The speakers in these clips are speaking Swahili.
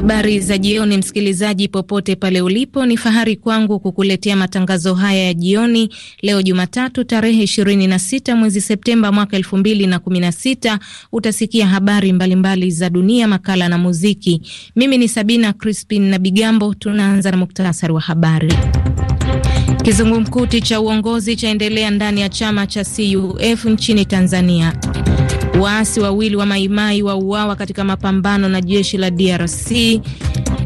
Habari za jioni, msikilizaji popote pale ulipo, ni fahari kwangu kukuletea matangazo haya ya jioni leo Jumatatu tarehe 26 mwezi Septemba mwaka 2016. Utasikia habari mbalimbali mbali za dunia, makala na muziki. Mimi ni Sabina Crispin na Bigambo. Tunaanza na muktasari wa habari. Kizungumkuti cha uongozi chaendelea ndani ya chama cha CUF nchini Tanzania. Waasi wawili wa Maimai wauawa katika mapambano na jeshi la DRC,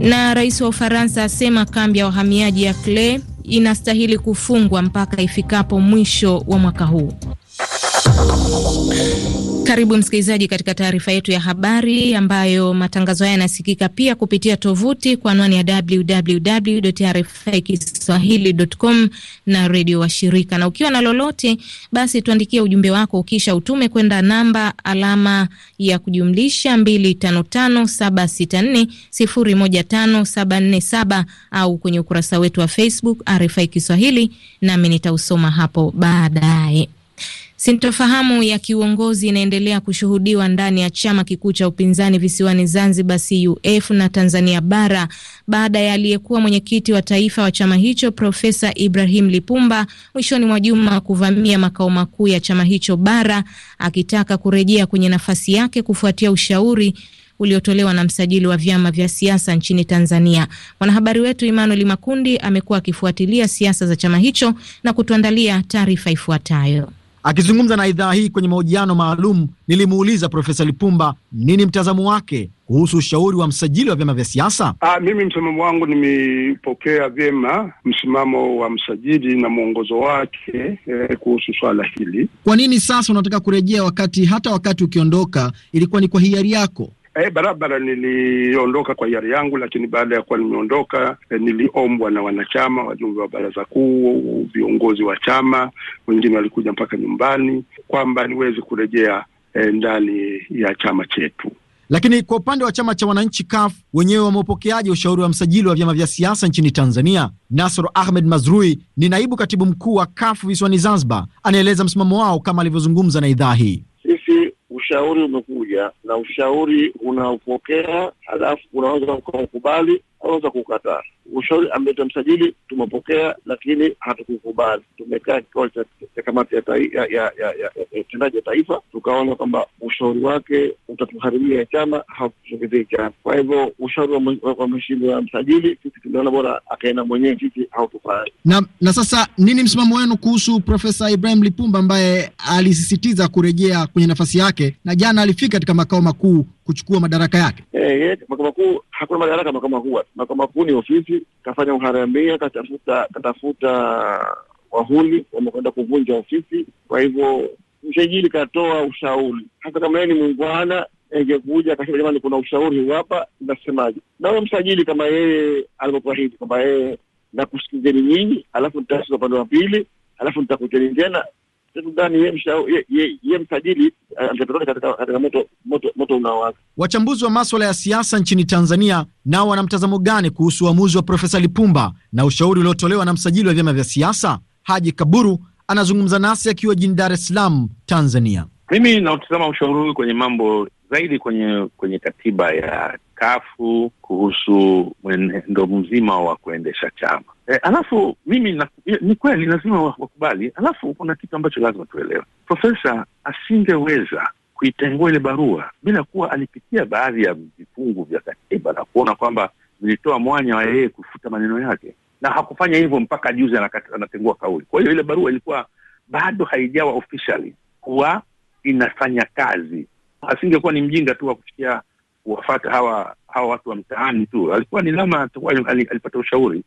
na rais wa Ufaransa asema kambi ya wahamiaji ya Calais inastahili kufungwa mpaka ifikapo mwisho wa mwaka huu. Karibu msikilizaji katika taarifa yetu ya habari ambayo matangazo haya yanasikika pia kupitia tovuti kwa anwani ya kiswahilicom na redio wa shirika na ukiwa na lolote basi tuandikie ujumbe wako ukisha utume kwenda namba alama ya kujumlisha 255764015747 au kwenye ukurasa wetu wa Facebook RFI Kiswahili, nami nitausoma hapo baadaye. Sintofahamu ya kiuongozi inaendelea kushuhudiwa ndani ya chama kikuu cha upinzani visiwani Zanzibar, CUF, na Tanzania Bara baada ya aliyekuwa mwenyekiti wa taifa wa chama hicho Profesa Ibrahim Lipumba mwishoni mwa juma kuvamia makao makuu ya chama hicho Bara, akitaka kurejea kwenye nafasi yake kufuatia ushauri uliotolewa na msajili wa vyama vya siasa nchini Tanzania. Mwanahabari wetu Emmanuel Makundi amekuwa akifuatilia siasa za chama hicho na kutuandalia taarifa ifuatayo. Akizungumza na idhaa hii kwenye mahojiano maalum, nilimuuliza Profesa Lipumba nini mtazamo wake kuhusu ushauri wa msajili wa vyama vya siasa. Aa, ah, mimi msimamo wangu, nimepokea vyema msimamo wa msajili na mwongozo wake eh, kuhusu swala hili. Kwa nini sasa unataka kurejea wakati hata wakati ukiondoka ilikuwa ni kwa hiari yako? eh, barabara niliondoka kwa hiari yangu, lakini baada ya kuwa nimeondoka eh, niliombwa na wanachama, wajumbe wa baraza kuu, viongozi wa chama, wengine walikuja mpaka nyumbani kwamba niweze kurejea eh, ndani ya chama chetu. Lakini kwa upande wa chama cha wananchi CUF wenyewe wameupokeaje ushauri wa msajili wa vyama vya siasa nchini Tanzania? Nasr Ahmed Mazrui ni naibu katibu mkuu wa CUF visiwani Zanzibar, anaeleza msimamo wao kama alivyozungumza na idhaa hii ushauri umekuja na ushauri unaopokea, halafu unaweza ukaukubali, unaweza kukataa ushauri ambaye msajili tumepokea, lakini hatukukubali. Tumekaa kikao cha kamati ya utendaji ya taifa, tukaona kwamba ushauri wake utatuharibia chama, hautuongezei chama. Kwa hivyo ushauri wa mheshimiwa msajili, sisi tumeona bora akaenda mwenyewe, sisi hautufai. Na na sasa, nini msimamo wenu kuhusu Profesa Ibrahim Lipumba ambaye alisisitiza kurejea kwenye nafasi yake na jana alifika katika makao makuu kuchukua madaraka yake? Hey, eh, hey, makao makuu hakuna madaraka makao makuu, makao makuu ni ofisi msikiti, kafanya uharamia, katafuta katafuta wahuni wamekwenda kuvunja ofisi. Kwa hivyo msajili katoa ushauri, hata kama yeye ni mungwana ingekuja akasema jamani, kuna ushauri huu hapa, nasemaje? Nawe msajili kama yeye alivyokuwa hivi kwamba yeye eh, nakusikizeni nyinyi, alafu nitasikiza upande wa pili, alafu nitakuteni tena sidhani yeye msajili eh, angetotoka katika katika moto moto moto unaowaka. Wachambuzi wa maswala ya siasa nchini Tanzania nao wana mtazamo gani kuhusu uamuzi wa Profesa Lipumba na ushauri uliotolewa na msajili wa vyama vya siasa? Haji Kaburu anazungumza nasi akiwa jijini Dar es Salaam, Tanzania. Mimi nautazama ushauri huu kwenye mambo zaidi kwenye kwenye katiba ya kafu kuhusu mwenendo mzima wa kuendesha chama E, alafu mimi na, eh, ni kweli lazima wakubali. Alafu kuna kitu ambacho lazima tuelewe, profesa asingeweza kuitengua ile barua bila kuwa alipitia baadhi ya vifungu vya katiba na kuona kwamba vilitoa mwanya wa yeye kufuta maneno yake, na hakufanya hivyo mpaka juzi anatengua kauli. Kwa hiyo ile barua ilikuwa bado haijawa officially kuwa inafanya kazi. Asingekuwa ni mjinga tu wa kufikia kuwafata hawa hawa watu wa mtaani tu, alikuwa ni lama alipata ushauri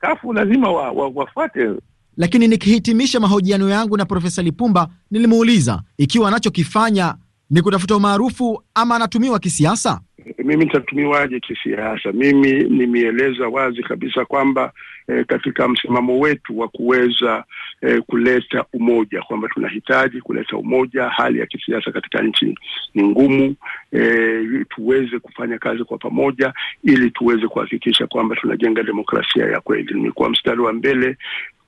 kafu lazima wa, wa, wafuate. Lakini nikihitimisha mahojiano yangu na Profesa Lipumba, nilimuuliza ikiwa anachokifanya ni kutafuta umaarufu ama anatumiwa kisiasa. Mimi nitatumiwaje kisiasa? Mimi nimeeleza wazi kabisa kwamba eh, katika msimamo wetu wa kuweza eh, kuleta umoja kwamba tunahitaji kuleta umoja. Hali ya kisiasa katika nchi ni ngumu, eh, tuweze kufanya kazi kwa pamoja ili tuweze kuhakikisha kwamba tunajenga demokrasia ya kweli. Nimekuwa mstari wa mbele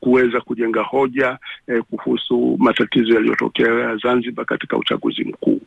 kuweza kujenga hoja eh, kuhusu matatizo yaliyotokea Zanzibar katika uchaguzi mkuu.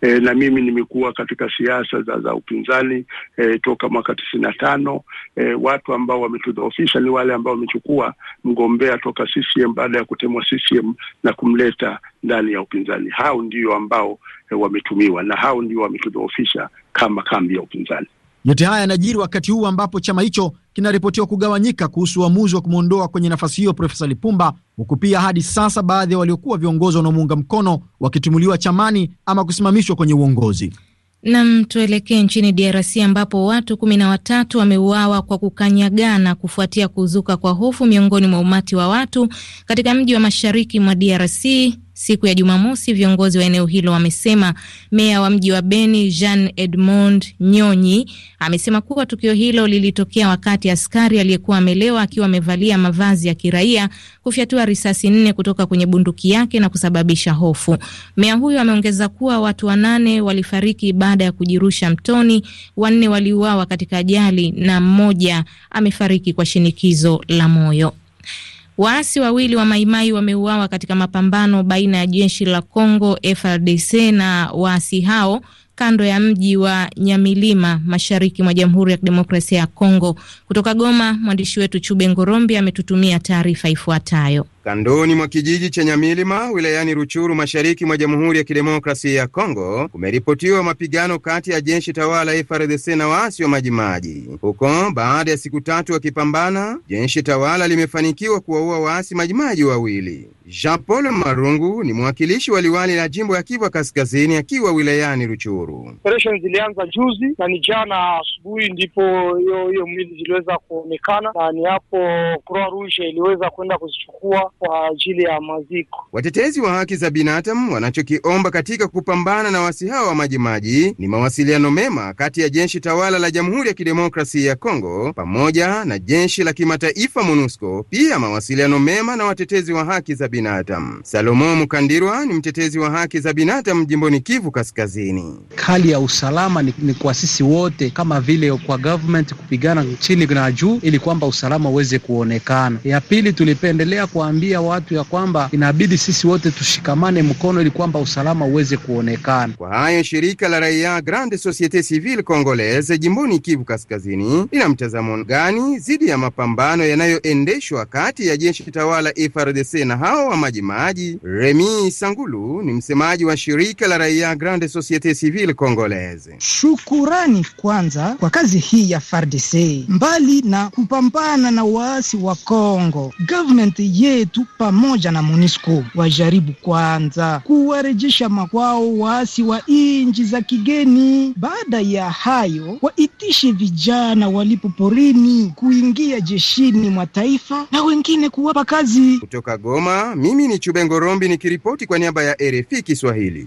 Eh, na mimi nimekuwa katika siasa za, za upinzani eh, toka mwaka tisini na tano. Eh, watu ambao wametudhoofisha ni wale ambao wamechukua mgombea toka CCM baada ya kutemwa CCM na kumleta ndani ya upinzani. Hao ndio ambao eh, wametumiwa na hao ndio wametudhoofisha kama kambi ya upinzani. Yote haya yanajiri wakati huu ambapo chama hicho kinaripotiwa kugawanyika kuhusu uamuzi wa kumwondoa kwenye nafasi hiyo Profesa Lipumba, huku pia hadi sasa baadhi ya waliokuwa viongozi wanaomuunga mkono wakitimuliwa chamani ama kusimamishwa kwenye uongozi. Nam, tuelekee nchini DRC ambapo watu kumi na watatu wameuawa kwa kukanyagana kufuatia kuzuka kwa hofu miongoni mwa umati wa watu katika mji wa mashariki mwa DRC Siku ya Jumamosi, viongozi wa eneo hilo wamesema meya wa mji wa Beni Jean Edmond Nyonyi amesema kuwa tukio hilo lilitokea wakati askari aliyekuwa amelewa akiwa amevalia mavazi ya kiraia kufyatua risasi nne kutoka kwenye bunduki yake na kusababisha hofu. Meya huyo ameongeza kuwa watu wanane walifariki baada ya kujirusha mtoni, wanne waliuawa katika ajali na mmoja amefariki kwa shinikizo la moyo. Waasi wawili wa Maimai wameuawa katika mapambano baina ya jeshi la Congo frdc na waasi hao kando ya mji wa Nyamilima mashariki mwa Jamhuri ya Kidemokrasia ya congo Kutoka Goma, mwandishi wetu Chube Ngorombi ametutumia taarifa ifuatayo. Kandoni mwa kijiji cha nyamilima wilayani Ruchuru mashariki mwa Jamhuri ya Kidemokrasia ya Kongo kumeripotiwa mapigano kati ya jeshi tawala FRDC na waasi wa Majimaji. Huko baada ya siku tatu wakipambana, jeshi tawala limefanikiwa kuwaua waasi Majimaji wawili. Jean Paul Marungu ni mwakilishi wa liwali la jimbo ya Kivu Kaskazini akiwa wilayani Ruchuru. Operesheni zilianza juzi na ni jana asubuhi ndipo hiyo hiyo mwili ziliweza kuonekana, na ni hapo Croix Rouge iliweza kwenda kuzichukua kwa ajili ya maziko. Watetezi wa haki za binadamu wanachokiomba katika kupambana na wasi hao wa majimaji ni mawasiliano mema kati ya jeshi tawala la Jamhuri ya Kidemokrasia ya Kongo pamoja na jeshi la kimataifa MONUSCO, pia mawasiliano mema na watetezi wa haki za binadamu. Salomo Mukandirwa ni mtetezi wa haki za binadamu jimboni Kivu Kaskazini. Hali ya usalama ni, ni kwa sisi wote kama vile kwa government kupigana chini na juu ili kwamba usalama uweze kuonekana. Ya pili tulipendelea kuambia kuambia watu ya kwamba inabidi sisi wote tushikamane mkono ili kwamba usalama uweze kuonekana. Kwa hayo shirika la raia Grande Societe Civile Congolaise jimboni Kivu Kaskazini lina mtazamo gani dhidi ya mapambano yanayoendeshwa kati ya jeshi tawala FRDC na hao wa Majimaji? Remi Sangulu ni msemaji wa shirika la raia Grande Societe Civile Congolaise. Shukurani kwanza kwa kazi hii ya FRDC mbali na kupambana na waasi wa congo government yetu wetu pamoja na MONUSCO wajaribu kwanza kuwarejesha makwao waasi wa inji za kigeni. Baada ya hayo, waitishe vijana walipo porini kuingia jeshini mwa taifa na wengine kuwapa kazi. Kutoka Goma, mimi ni Chube Ngorombi nikiripoti kwa niaba ya RFI Kiswahili.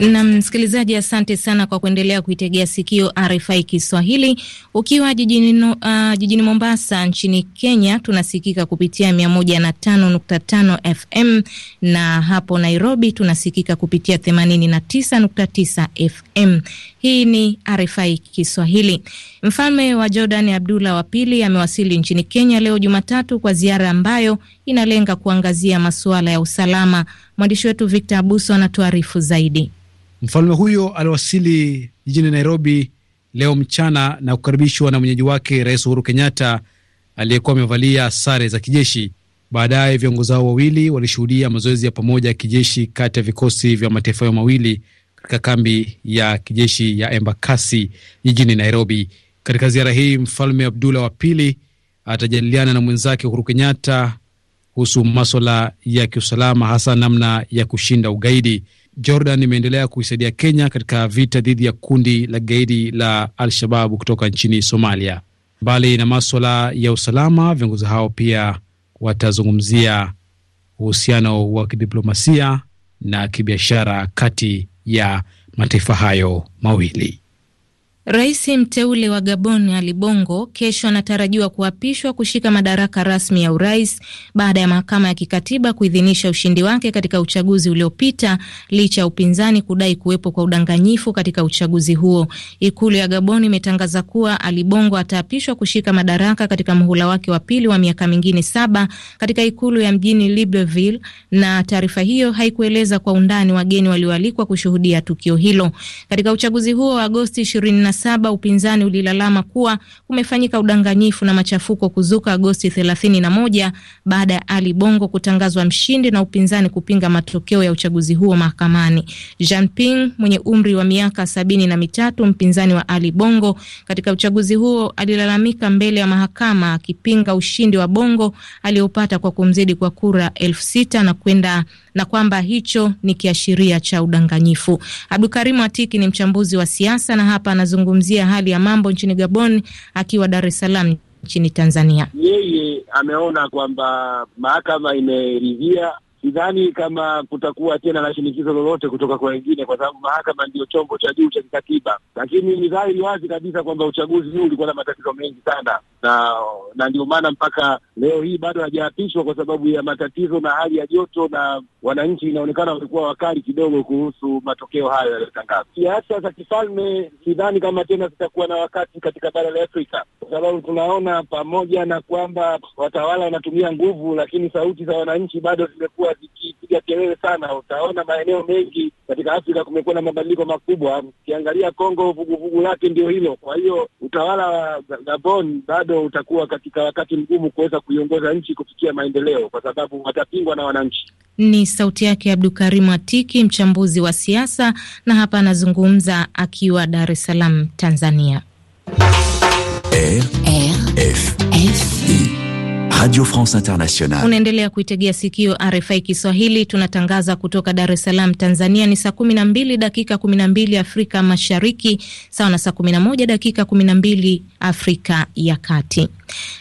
Na msikilizaji, asante sana kwa kuendelea kuitegea sikio RFI Kiswahili. Ukiwa jijini, uh, jijini Mombasa nchini Kenya tunasikika kupitia 105.5 FM na hapo Nairobi tunasikika kupitia 89.9 FM. Hii ni RFI Kiswahili. Mfalme wa Jordan Abdullah wa pili amewasili nchini Kenya leo Jumatatu kwa ziara ambayo inalenga kuangazia masuala ya usalama. Mwandishi wetu Victor Abuso anatuarifu zaidi. Mfalme huyo aliwasili jijini Nairobi leo mchana na kukaribishwa na mwenyeji wake Rais Uhuru Kenyatta aliyekuwa amevalia sare za kijeshi. Baadaye viongozi hao wawili walishuhudia mazoezi ya pamoja ya kijeshi kati ya vikosi vya mataifa hayo mawili katika kambi ya kijeshi ya Embakasi jijini Nairobi. Katika ziara hii, Mfalme Abdullah wa Pili atajadiliana na mwenzake Uhuru Kenyatta kuhusu maswala ya kiusalama, hasa namna ya kushinda ugaidi. Jordan imeendelea kuisaidia Kenya katika vita dhidi ya kundi la gaidi la Al-Shababu kutoka nchini Somalia. Mbali na maswala ya usalama, viongozi hao pia watazungumzia uhusiano wa kidiplomasia na kibiashara kati ya mataifa hayo mawili. Rais mteule wa Gabon Ali Bongo kesho anatarajiwa kuapishwa kushika madaraka rasmi ya urais baada ya mahakama ya kikatiba kuidhinisha ushindi wake katika uchaguzi uliopita licha ya upinzani kudai kuwepo kwa udanganyifu katika uchaguzi huo. Ikulu ya Gabon imetangaza kuwa Ali Bongo ataapishwa kushika madaraka katika muhula wake wa pili wa miaka mingine saba katika ikulu ya mjini Libreville, na taarifa hiyo haikueleza kwa undani wageni walioalikwa kushuhudia tukio hilo katika uchaguzi huo wa Agosti saba upinzani ulilalama kuwa kumefanyika udanganyifu na machafuko kuzuka Agosti 31 baada ya Ali Bongo kutangazwa mshindi na upinzani kupinga matokeo ya uchaguzi huo mahakamani. Jean Ping mwenye umri wa miaka sabini na mitatu, mpinzani wa Ali Bongo katika uchaguzi huo, alilalamika mbele ya mahakama akipinga ushindi wa Bongo aliyopata kwa kumzidi kwa kura elfu sita na kwenda na kwamba hicho ni kiashiria cha udanganyifu. Abdukarimu Atiki ni mchambuzi wa siasa na hapa anazungumzia hali ya mambo nchini Gabon akiwa Dar es Salaam nchini Tanzania. Yeye ameona kwamba mahakama imeridhia sidhani kama kutakuwa tena na shinikizo lolote kutoka kwa wengine, kwa sababu mahakama ndiyo chombo cha juu cha kikatiba. Lakini ni dhahiri wazi kabisa kwamba uchaguzi huu ulikuwa na matatizo mengi sana, na na ndio maana mpaka leo hii bado hajaapishwa kwa sababu ya matatizo na hali ya joto, na wananchi inaonekana walikuwa wakali kidogo kuhusu matokeo hayo yaliyotangazwa. Siasa za kifalme sidhani kama tena zitakuwa na wakati katika bara la Afrika, kwa sababu tunaona pamoja na kwamba watawala wanatumia nguvu, lakini sauti za wananchi bado zimekuwa zikipiga kelele sana. Utaona maeneo mengi katika Afrika kumekuwa na mabadiliko makubwa. Ukiangalia Kongo, vuguvugu lake ndio hilo. Kwa hiyo utawala wa Gabon bado utakuwa katika wakati mgumu kuweza kuiongoza nchi kufikia maendeleo, kwa sababu watapingwa na wananchi. Ni sauti yake abdu karimu Atiki, mchambuzi wa siasa, na hapa anazungumza akiwa Dar es Salaam, Tanzania. Radio France Internationale. Unaendelea kuitegea sikio RFI Kiswahili, tunatangaza kutoka Dar es Salaam, Tanzania. Ni saa 12 dakika 12 Afrika Mashariki, sawa na saa 11 dakika 12 Afrika ya Kati.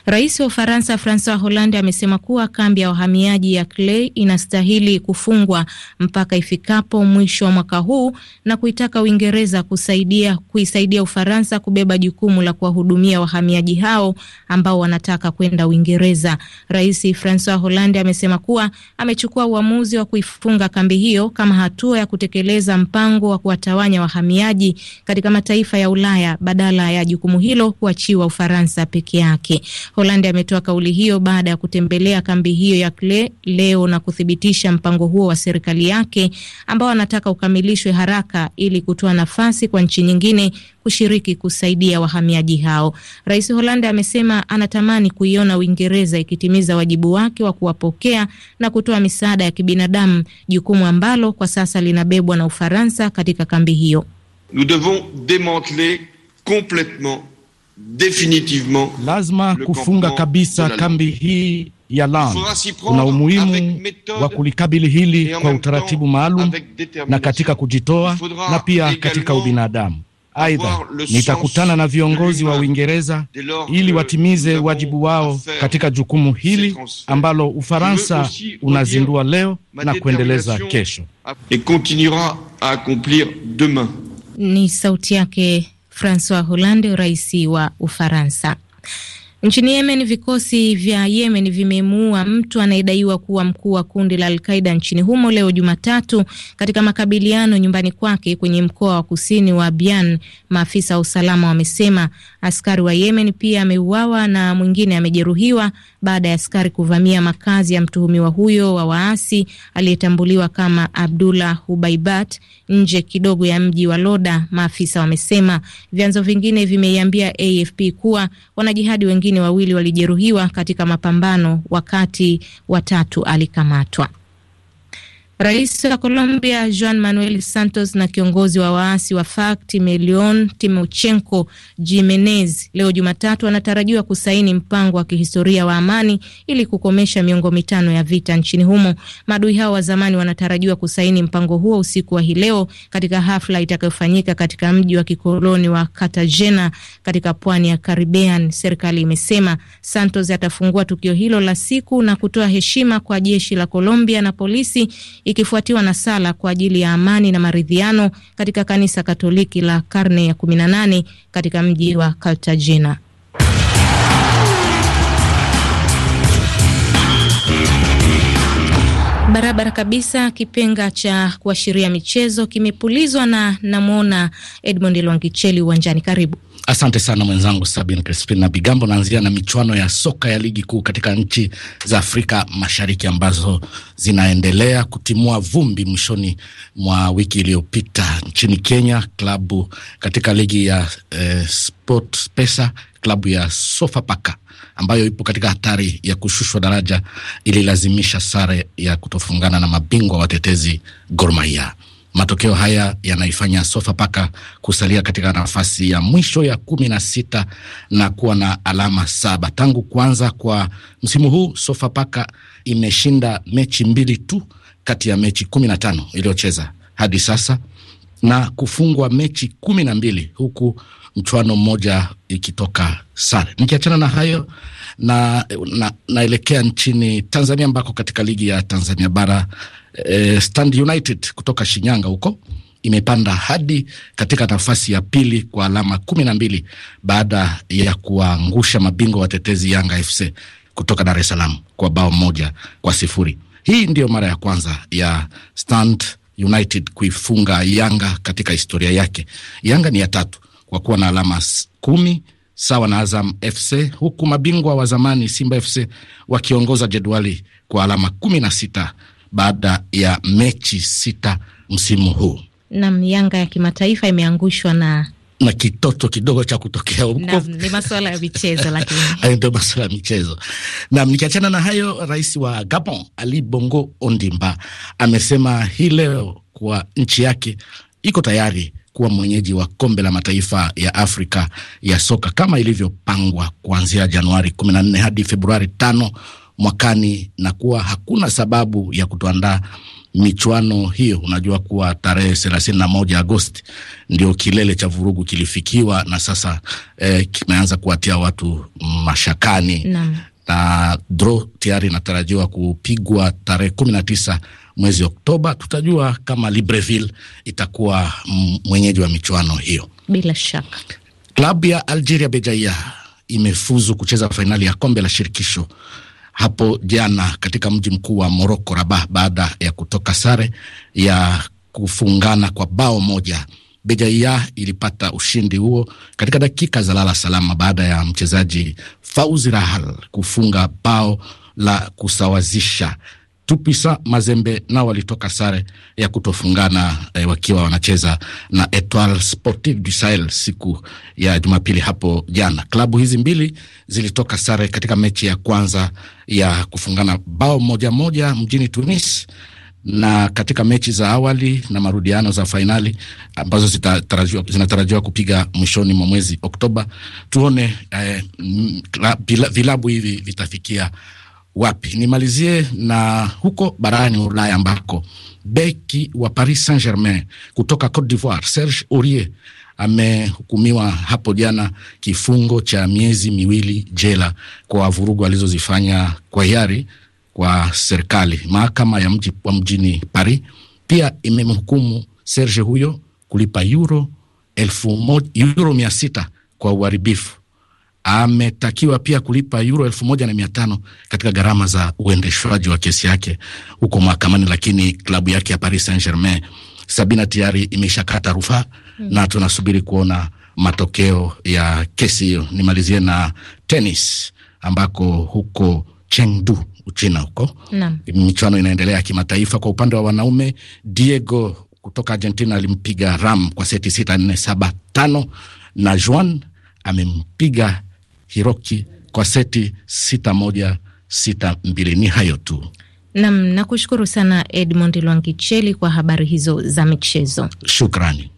Rais wa Ufaransa Francois Hollande amesema kuwa kambi ya wahamiaji ya Calais inastahili kufungwa mpaka ifikapo mwisho wa mwaka huu na kuitaka Uingereza kusaidia kuisaidia Ufaransa kubeba jukumu la kuwahudumia wahamiaji hao ambao wanataka kwenda Uingereza. Rais Francois Hollande amesema kuwa amechukua uamuzi wa kuifunga kambi hiyo kama hatua ya kutekeleza mpango wa kuwatawanya wahamiaji katika mataifa ya Ulaya badala ya jukumu hilo kuachiwa Ufaransa peke yake holandi ametoa kauli hiyo baada ya kutembelea kambi hiyo ya Kle leo na kuthibitisha mpango huo wa serikali yake ambao anataka ukamilishwe haraka ili kutoa nafasi kwa nchi nyingine kushiriki kusaidia wahamiaji hao. Rais holandi amesema anatamani kuiona Uingereza ikitimiza wajibu wake wa kuwapokea na kutoa misaada ya kibinadamu, jukumu ambalo kwa sasa linabebwa na Ufaransa katika kambi hiyo. Nous devons démanteler complètement Lazima kufunga kabisa kambi hii ya Lan. Kuna umuhimu wa kulikabili hili kwa utaratibu maalum na katika kujitoa na pia katika ubinadamu. Aidha, nitakutana na viongozi wa Uingereza ili watimize wajibu wao katika jukumu hili ambalo Ufaransa unazindua leo na kuendeleza kesho. Ni sauti yake Francois Hollande, rais wa Ufaransa. Nchini Yemen, vikosi vya Yemen vimemuua mtu anayedaiwa kuwa mkuu wa kundi la Alqaida nchini humo leo Jumatatu, katika makabiliano nyumbani kwake kwenye mkoa wa kusini wa bian maafisa wa usalama wamesema. Askari wa Yemen pia ameuawa na mwingine amejeruhiwa baada ya askari kuvamia makazi ya mtuhumiwa huyo wa waasi aliyetambuliwa kama Abdullah Hubaibat nje kidogo ya mji wa Loda, maafisa wamesema. Vyanzo vingine vimeiambia AFP kuwa wanajihadi wengine wawili walijeruhiwa katika mapambano wakati watatu alikamatwa. Rais wa Colombia Juan Manuel Santos na kiongozi wa waasi wa FARC Timelion Timochenko Jimenez leo Jumatatu anatarajiwa kusaini mpango wa kihistoria wa amani ili kukomesha miongo mitano ya vita nchini humo. Maadui hao wa zamani wanatarajiwa kusaini mpango huo usiku wa hii leo katika hafla itakayofanyika katika mji wa kikoloni wa Cartagena katika pwani ya Caribbean. Serikali imesema Santos atafungua tukio hilo la siku na kutoa heshima kwa jeshi la Colombia na polisi ikifuatiwa na sala kwa ajili ya amani na maridhiano katika kanisa Katoliki la karne ya 18 katika mji wa Cartagena. Barabara kabisa. Kipenga cha kuashiria michezo kimepulizwa na namwona Edmond Lwangicheli uwanjani. Karibu. Asante sana mwenzangu Sabin Crispin na Bigambo. Naanzia na michuano ya soka ya ligi kuu katika nchi za Afrika Mashariki ambazo zinaendelea kutimua vumbi. Mwishoni mwa wiki iliyopita nchini Kenya, klabu katika ligi ya eh, Pesa, klabu ya Sofapaka ambayo ipo katika hatari ya kushushwa daraja ililazimisha sare ya kutofungana na mabingwa watetezi Gor Mahia. Matokeo haya yanaifanya Sofapaka kusalia katika nafasi ya mwisho ya kumi na sita na kuwa na alama saba. Tangu kuanza kwa msimu huu, Sofapaka imeshinda mechi mbili tu kati ya mechi kumi na tano iliyocheza hadi sasa na kufungwa mechi kumi na mbili huku mchuano mmoja ikitoka sare. Nikiachana na hayo na, na naelekea nchini Tanzania ambako katika ligi ya Tanzania bara eh, Stand United kutoka Shinyanga huko imepanda hadi katika nafasi ya pili kwa alama kumi na mbili baada ya kuwaangusha mabingwa watetezi Yanga FC kutoka Dar es Salaam kwa bao moja kwa sifuri. Hii ndiyo mara ya kwanza ya Stand United kuifunga Yanga katika historia yake. Yanga ni ya tatu kwa kuwa na alama kumi sawa na Azam FC, huku mabingwa wa zamani Simba FC wakiongoza jedwali kwa alama kumi na sita baada ya mechi sita msimu huu. Nam, Yanga ya kimataifa imeangushwa na na kitoto kidogo cha kutokea huko. Ni masuala ya michezo lakini ndio masuala ya michezo. Nam, nikiachana na hayo, rais wa Gabon Ali Bongo Ondimba amesema hii leo kuwa nchi yake iko tayari kuwa mwenyeji wa kombe la mataifa ya Afrika ya soka kama ilivyopangwa kuanzia Januari 14 hadi Februari 5 mwakani, na kuwa hakuna sababu ya kutuandaa michuano hiyo. Unajua kuwa tarehe thelathini na moja Agosti ndio kilele cha vurugu kilifikiwa, na sasa eh, kimeanza kuwatia watu mashakani na, na draw tayari inatarajiwa kupigwa tarehe kumi na tisa mwezi Oktoba. Tutajua kama Libreville itakuwa mwenyeji wa michuano hiyo. Bila shaka klabu ya Algeria Bejaia imefuzu kucheza fainali ya kombe la shirikisho hapo jana katika mji mkuu wa Moroko, Rabah, baada ya kutoka sare ya kufungana kwa bao moja. Bejaia ilipata ushindi huo katika dakika za lala salama baada ya mchezaji Fauzi Rahal kufunga bao la kusawazisha. Tupisa Mazembe nao walitoka sare ya kutofungana eh, wakiwa wanacheza na Etoile Sportive du Sahel siku ya Jumapili hapo jana. Klabu hizi mbili zilitoka sare katika mechi ya kwanza ya kufungana bao moja moja mjini Tunis na katika mechi za awali na marudiano za fainali ambazo zinatarajiwa kupiga mwishoni mwa mwezi Oktoba, tuone eh, vilabu hivi vitafikia wapi? Nimalizie na huko barani Ulaya ambako beki wa Paris Saint Germain kutoka Cote d'Ivoire Serge Aurier amehukumiwa hapo jana kifungo cha miezi miwili jela kwa vurugu alizozifanya kwa hiari kwa serikali. Mahakama ya mji wa mjini Paris pia imemhukumu Serge huyo kulipa euro elfu moja, euro mia sita kwa uharibifu ametakiwa pia kulipa euro elfu moja na mia tano katika gharama za uendeshwaji wa kesi yake huko mahakamani, lakini klabu yake ya Paris Saint Germain Sabina tayari imeshakata rufaa mm, na tunasubiri kuona matokeo ya kesi hiyo. Nimalizie na tenis ambako huko Chengdu Uchina huko michuano inaendelea ya kimataifa. Kwa upande wa wanaume, Diego kutoka Argentina alimpiga Ram kwa seti sita nne saba tano na Juan amempiga Hiroki kwa seti sita moja sita mbili. Ni hayo tu. Nam, nakushukuru sana Edmond Lwangicheli kwa habari hizo za michezo. Shukrani.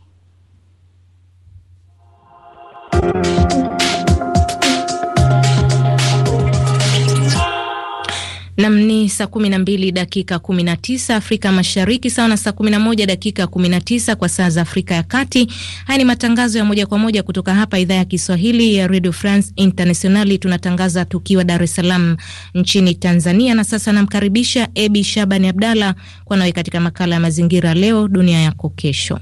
Nam ni saa mbili dakika 19 Afrika Mashariki, sawa na saa moja dakika 19 kwa saa za Afrika ya Kati. Haya ni matangazo ya moja kwa moja kutoka hapa idhaa ya Kiswahili ya Radio France Internationali. Tunatangaza tukiwa Dar es Salaam nchini Tanzania. Na sasa namkaribisha Ebi Shabani Abdalla kwa nawe katika makala ya mazingira, leo dunia yako kesho.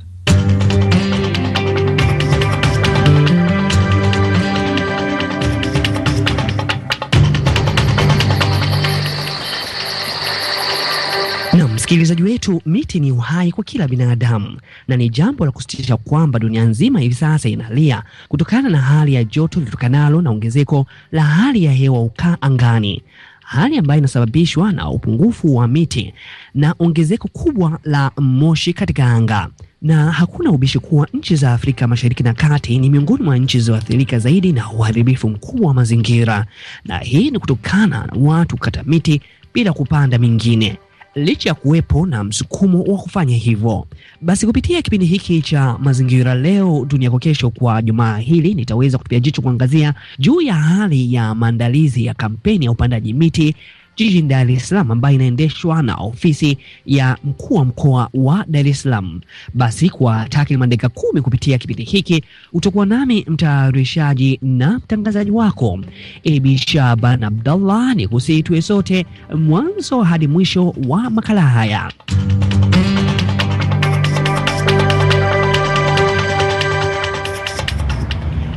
Msikilizaji wetu, miti ni uhai kwa kila binadamu, na ni jambo la kusitisha kwamba dunia nzima hivi sasa inalia kutokana na hali ya joto lilitokanalo na ongezeko la hali ya hewa ukaa angani, hali ambayo inasababishwa na upungufu wa miti na ongezeko kubwa la moshi katika anga na hakuna ubishi kuwa nchi za Afrika Mashariki na Kati ni miongoni mwa nchi zilizoathirika zaidi na uharibifu mkubwa wa mazingira, na hii ni kutokana na watu kata miti bila kupanda mingine. Licha ya kuwepo na msukumo wa kufanya hivyo, basi kupitia kipindi hiki cha Mazingira Leo Dunia Yako Kesho kwa jumaa hili nitaweza kutupia jicho kuangazia juu ya hali ya maandalizi ya kampeni ya upandaji miti jijini Dar es Salaam ambayo inaendeshwa na ofisi ya mkuu wa mkoa wa Dar es Salaam. Basi kwa takriban dakika kumi kupitia kipindi hiki utakuwa nami mtayarishaji na mtangazaji wako Abi Shaban Abdallah, ni kusii tuwe sote mwanzo hadi mwisho wa makala haya.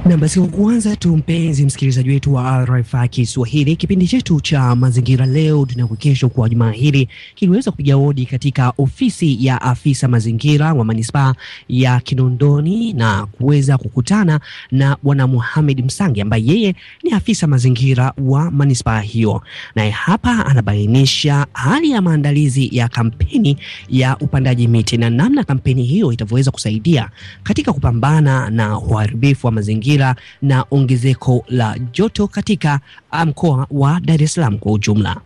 Na basi, kuanza tu mpenzi msikilizaji wetu wa RFI Kiswahili, kipindi chetu cha mazingira leo tunakuikesho kwa jumaa hili kiliweza kupiga hodi katika ofisi ya afisa mazingira wa manispaa ya Kinondoni na kuweza kukutana na bwana muhamed Msangi ambaye yeye ni afisa mazingira wa manispaa hiyo, naye hapa anabainisha hali ya maandalizi ya kampeni ya upandaji miti na namna kampeni hiyo itavyoweza kusaidia katika kupambana na uharibifu wa mazingira mazingira na ongezeko la joto katika ah, mkoa wa Dar es Salaam kwa ujumla.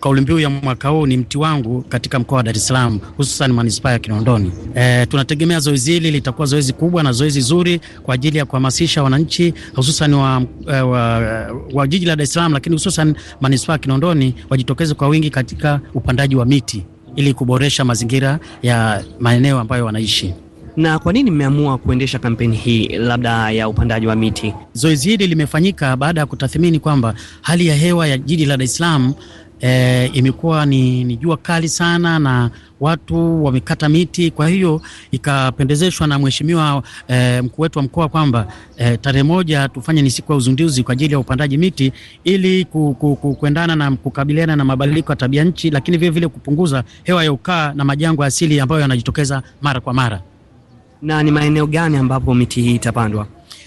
Kauli mbiu ya mwaka huu ni mti wangu katika mkoa wa Dar es Salaam, hususan manispaa ya Kinondoni. E, tunategemea zoezi hili litakuwa zoezi kubwa na zoezi zuri kwa ajili ya kuhamasisha wananchi hususan wa, wa, eh, wa, wa jiji la Dar es Salaam, lakini hususan manispaa ya Kinondoni wajitokeze kwa wingi katika upandaji wa miti ili kuboresha mazingira ya maeneo ambayo wanaishi. Na kwa nini mmeamua kuendesha kampeni hii labda ya upandaji wa miti? Zoezi hili limefanyika baada ya kutathmini kwamba hali ya hewa ya jiji la Dar es Salaam E, imekuwa ni, ni jua kali sana na watu wamekata miti. Kwa hiyo ikapendezeshwa na mheshimiwa e, mkuu wetu wa mkoa kwamba e, tarehe moja tufanye ni siku ya uzinduzi kwa ajili ya upandaji miti ili ku, ku, ku, kuendana na kukabiliana na mabadiliko ya tabia nchi, lakini vilevile kupunguza hewa ya ukaa na majangwa asili ambayo yanajitokeza mara kwa mara na ni maeneo gani ambapo miti hii itapandwa?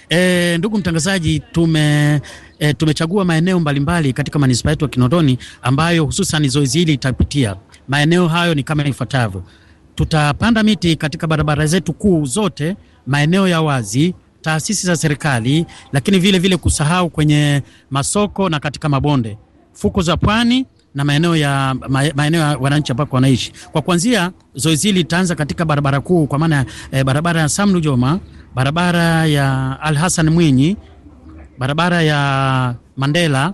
E, ndugu mtangazaji, tume e, tumechagua maeneo mbalimbali katika manispaa yetu ya Kinondoni ambayo hususan zoezi hili itapitia. Maeneo hayo ni kama ifuatavyo: tutapanda miti katika barabara zetu kuu zote, maeneo ya wazi, taasisi za serikali, lakini vile vile kusahau kwenye masoko na katika mabonde, fuko za pwani na maeneo ya maeneo ya wananchi ambako wanaishi. Kwa kuanzia, zoezi hili litaanza katika barabara kuu, kwa maana e, barabara ya Sam Nujoma, barabara ya Al Hassan Mwinyi, barabara ya Mandela,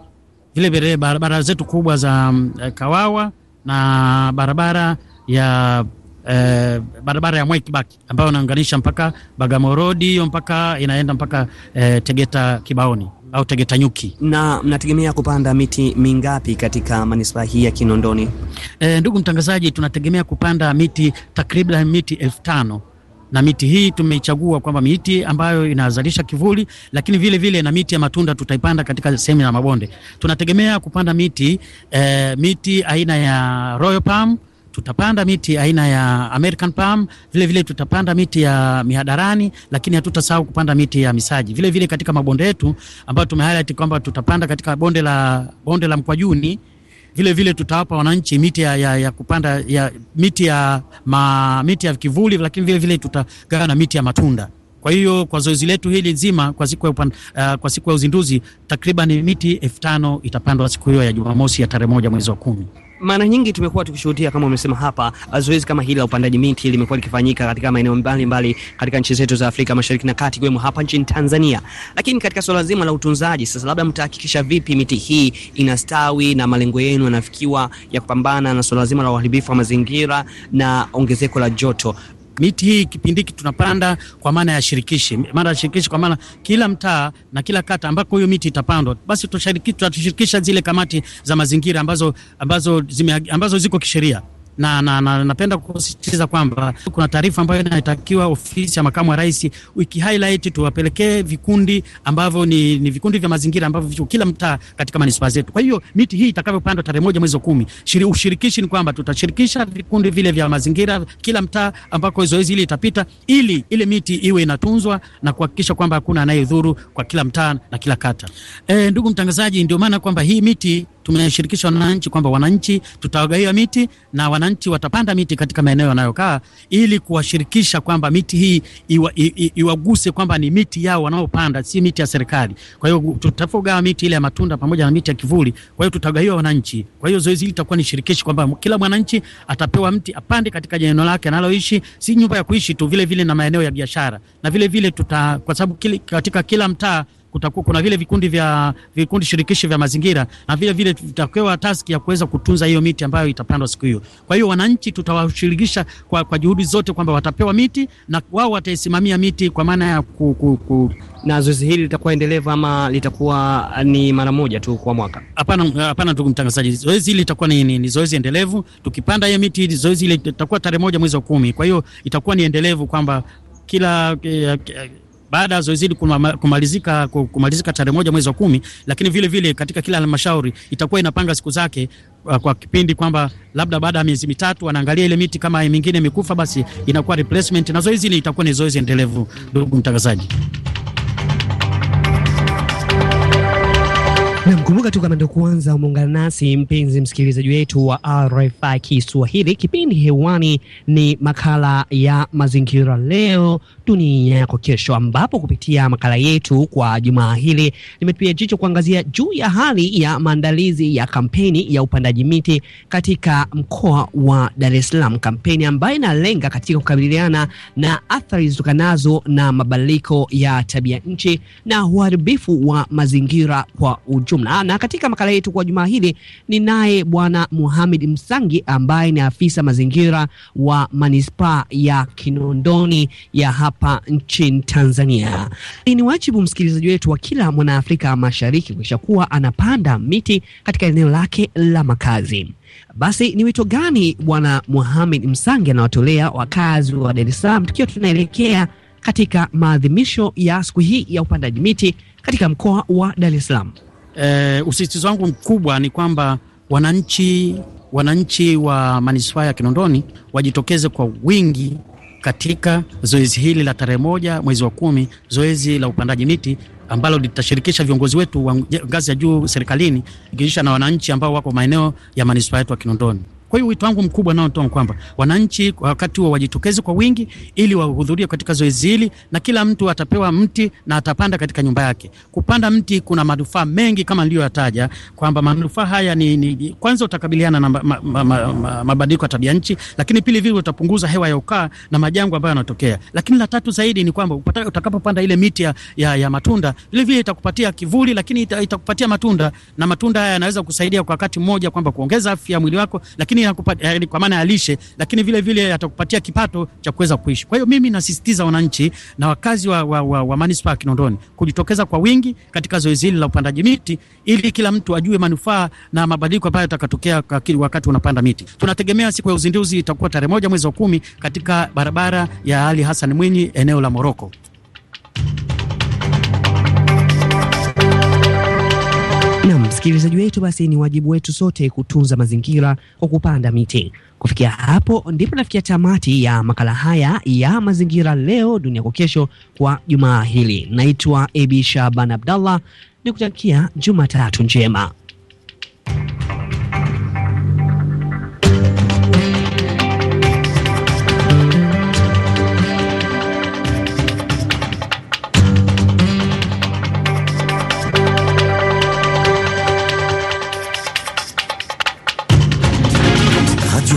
vile vile barabara zetu kubwa za e, Kawawa na barabara ya e, barabara ya Mwekibaki ambayo inaunganisha mpaka Bagamoyo Road, hiyo mpaka inaenda mpaka e, Tegeta Kibaoni au Tegeta Nyuki. Na mnategemea kupanda miti mingapi katika manispaa hii ya Kinondoni? E, ndugu mtangazaji, tunategemea kupanda miti takriban miti elfu tano na miti hii tumeichagua kwamba miti ambayo inazalisha kivuli, lakini vile vile na miti ya matunda tutaipanda katika sehemu ya mabonde. Tunategemea kupanda miti e, miti aina ya Royal Palm tutapanda miti aina ya American palm, vile vile tutapanda miti ya mihadarani, lakini hatutasahau kupanda miti ya misaji. Vile vile katika mabonde yetu ambayo tumehighlight kwamba tutapanda katika bonde la bonde la Mkwajuni, vile vile tutawapa wananchi miti ya, ya, ya kupanda ya miti ya ma, miti ya kivuli, lakini vile vile tutagawa na miti ya matunda. Kwa hiyo kwa zoezi letu hili nzima kwa siku ya, upan, uh, kwa siku ya uzinduzi takriban miti elfu tano itapandwa siku hiyo ya Jumamosi ya tarehe moja mwezi wa kumi mara nyingi tumekuwa tukishuhudia kama umesema hapa, zoezi kama hili la upandaji miti limekuwa likifanyika katika maeneo mbalimbali katika nchi zetu za Afrika Mashariki na Kati, ikiwemo hapa nchini Tanzania. Lakini katika swala zima la utunzaji, sasa labda mtahakikisha vipi miti hii inastawi na malengo yenu yanafikiwa ya kupambana na swala zima la uharibifu wa mazingira na ongezeko la joto? miti hii kipindiki tunapanda kwa maana ya shirikishi, maana ya shirikishi kwa maana kila mtaa na kila kata ambako hiyo miti itapandwa, basi tutashirikisha zile kamati za mazingira ambazo, ambazo, zime, ambazo ziko kisheria na, na, na napenda kusisitiza kwamba kuna taarifa ambayo inatakiwa ofisi ya makamu wa rais wiki highlight tuwapelekee vikundi ambavyo ni, ni vikundi vya mazingira ambavyo viko kila mtaa katika manispaa zetu. Kwa hiyo miti hii itakavyopandwa tarehe moja mwezi wa kumi, shiri, ushirikishi ni kwamba tutashirikisha vikundi vile vya mazingira kila mtaa ambako zoezi hili itapita, ili ile miti iwe inatunzwa na kuhakikisha kwamba hakuna anayedhuru kwa kila mtaa na kila kata. E, ndugu mtangazaji, ndio maana kwamba hii miti tumeshirikisha wananchi kwamba wananchi tutawagawia miti na wananchi watapanda miti katika maeneo wanayokaa ili kuwashirikisha kwamba miti hii iwa, iwaguse kwamba ni miti yao wanaopanda, si miti ya serikali. Kwa hiyo tutapogawa miti ile ya matunda pamoja na miti ya kivuli, kwa hiyo tutagawiwa wananchi. Kwa hiyo zoezi hili litakuwa ni shirikishi kwamba kila mwananchi atapewa mti apande katika eneo lake analoishi, si nyumba ya kuishi tu, vile vile na maeneo ya biashara na vile vile tuta, kwa sababu katika kila mtaa kutakuwa kuna vile vikundi vya vikundi shirikishi vya mazingira na vile vile tutapewa taski ya kuweza kutunza hiyo miti ambayo itapandwa siku hiyo. Kwa hiyo wananchi tutawashirikisha kwa, kwa juhudi zote kwamba watapewa miti na wao wataisimamia miti kwa maana ya ku, ku, ku... na zoezi hili litakuwa endelevu ama litakuwa ni mara moja tu kwa mwaka? Hapana, hapana, ndugu mtangazaji, zoezi hili litakuwa ni, ni, ni zoezi endelevu. Tukipanda hiyo miti, zoezi hili litakuwa tarehe moja mwezi wa kumi. Kwa hiyo itakuwa ni endelevu kwamba kila eh, baada ya zoezi hili kumalizika, kumalizika tarehe moja mwezi wa kumi, lakini vile vile katika kila halmashauri itakuwa inapanga siku zake uh, kwa kipindi kwamba labda baada ya miezi mitatu anaangalia ile miti kama mingine imekufa basi inakuwa replacement, na zoezi hili itakuwa ni zoezi endelevu, ndugu mtangazaji. Kumbuka tu kama ndio kuanza umeungana nasi, mpenzi msikilizaji wetu wa RFI Kiswahili, kipindi hewani ni makala ya mazingira, leo dunia yako kesho, ambapo kupitia makala yetu kwa jumaa hili limetupia jicho kuangazia juu ya hali ya maandalizi ya kampeni ya upandaji miti katika mkoa wa Dar es Salaam, kampeni ambayo inalenga katika kukabiliana na athari zitokanazo na mabadiliko ya tabia nchi na uharibifu wa mazingira kwa ujumla. Na katika makala yetu kwa jumaa hili ni naye Bwana Muhamed Msangi ambaye ni afisa mazingira wa manispaa ya Kinondoni ya hapa nchini Tanzania. Ni wajibu msikilizaji wetu wa kila mwanaafrika Mashariki kuhakikisha kuwa anapanda miti katika eneo lake la makazi. Basi ni wito gani Bwana Muhamed Msangi anawatolea wakazi wa Dar es Salaam tukiwa tunaelekea katika maadhimisho ya siku hii ya upandaji miti katika mkoa wa Dar es Salaam? eh, usisitizo wangu mkubwa ni kwamba wananchi wananchi wa manispaa ya Kinondoni wajitokeze kwa wingi katika zoezi hili la tarehe moja mwezi wa kumi, zoezi la upandaji miti ambalo litashirikisha viongozi wetu wa ngazi ya juu serikalini ikiisha na wananchi ambao wako maeneo ya manispaa yetu ya Kinondoni. Kwa hiyo wito wangu mkubwa nao natoa kwamba wananchi wakati huo wa wajitokeze kwa wingi ili wahudhurie katika zoezi hili, na kila mtu atapewa mti na atapanda katika nyumba yake. Kupanda mti kuna manufaa mengi kama niliyoyataja, kwamba manufaa haya ni, ni kwanza utakabiliana na mabadiliko ma, ma, ma, ma, ma ya tabia nchi, lakini pili vile utapunguza hewa ya ukaa na majangwa ambayo yanatokea, lakini la tatu zaidi ni kwamba utakapopanda ile miti ya, ya, ya matunda vile vile itakupatia kivuli, lakini itakupatia matunda na matunda haya yanaweza kusaidia kwa wakati mmoja kwamba kuongeza afya ya mwili wako, lakini Eh, kwa maana ya lishe, lakini vile vile yatakupatia kipato cha kuweza kuishi. Kwa hiyo mimi nasisitiza wananchi na wakazi wa, wa, wa, wa manispaa ya Kinondoni kujitokeza kwa wingi katika zoezi hili la upandaji miti ili kila mtu ajue manufaa na mabadiliko ambayo yatakatokea wakati unapanda miti. Tunategemea siku ya uzinduzi itakuwa tarehe moja mwezi wa kumi katika barabara ya Ali Hassan Mwinyi eneo la Moroko. Na msikilizaji wetu, basi ni wajibu wetu sote kutunza mazingira kwa kupanda miti. Kufikia hapo ndipo nafikia tamati ya makala haya ya mazingira leo dunia kwa kesho kwa jumaa hili. Naitwa Abi Shaban Abdallah, nikutakia Jumatatu njema.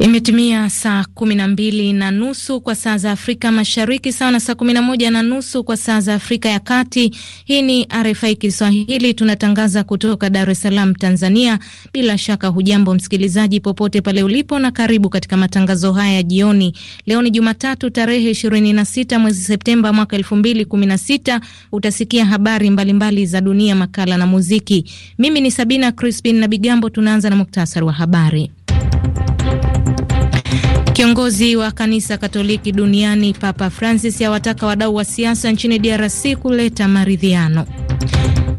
Imetimia saa kumi na mbili na nusu kwa saa za Afrika Mashariki, sawa na saa kumi na moja na nusu kwa saa za Afrika ya Kati. Hii ni RFI Kiswahili, tunatangaza kutoka Dar es Salaam, Tanzania. Bila shaka hujambo msikilizaji, popote pale ulipo, na karibu katika matangazo haya ya jioni. Leo ni Jumatatu, tarehe 26 mwezi Septemba mwaka 2016. Utasikia habari mbalimbali mbali za dunia, makala na muziki. Mimi ni Sabina Crispin na Bigambo. Tunaanza na muktasari wa habari. Kiongozi wa kanisa Katoliki duniani Papa Francis awataka wadau wa siasa nchini DRC kuleta maridhiano.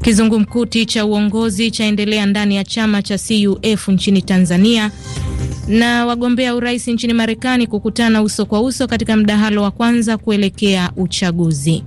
Kizungumkuti cha uongozi chaendelea ndani ya chama cha CUF nchini Tanzania na wagombea urais nchini Marekani kukutana uso kwa uso katika mdahalo wa kwanza kuelekea uchaguzi.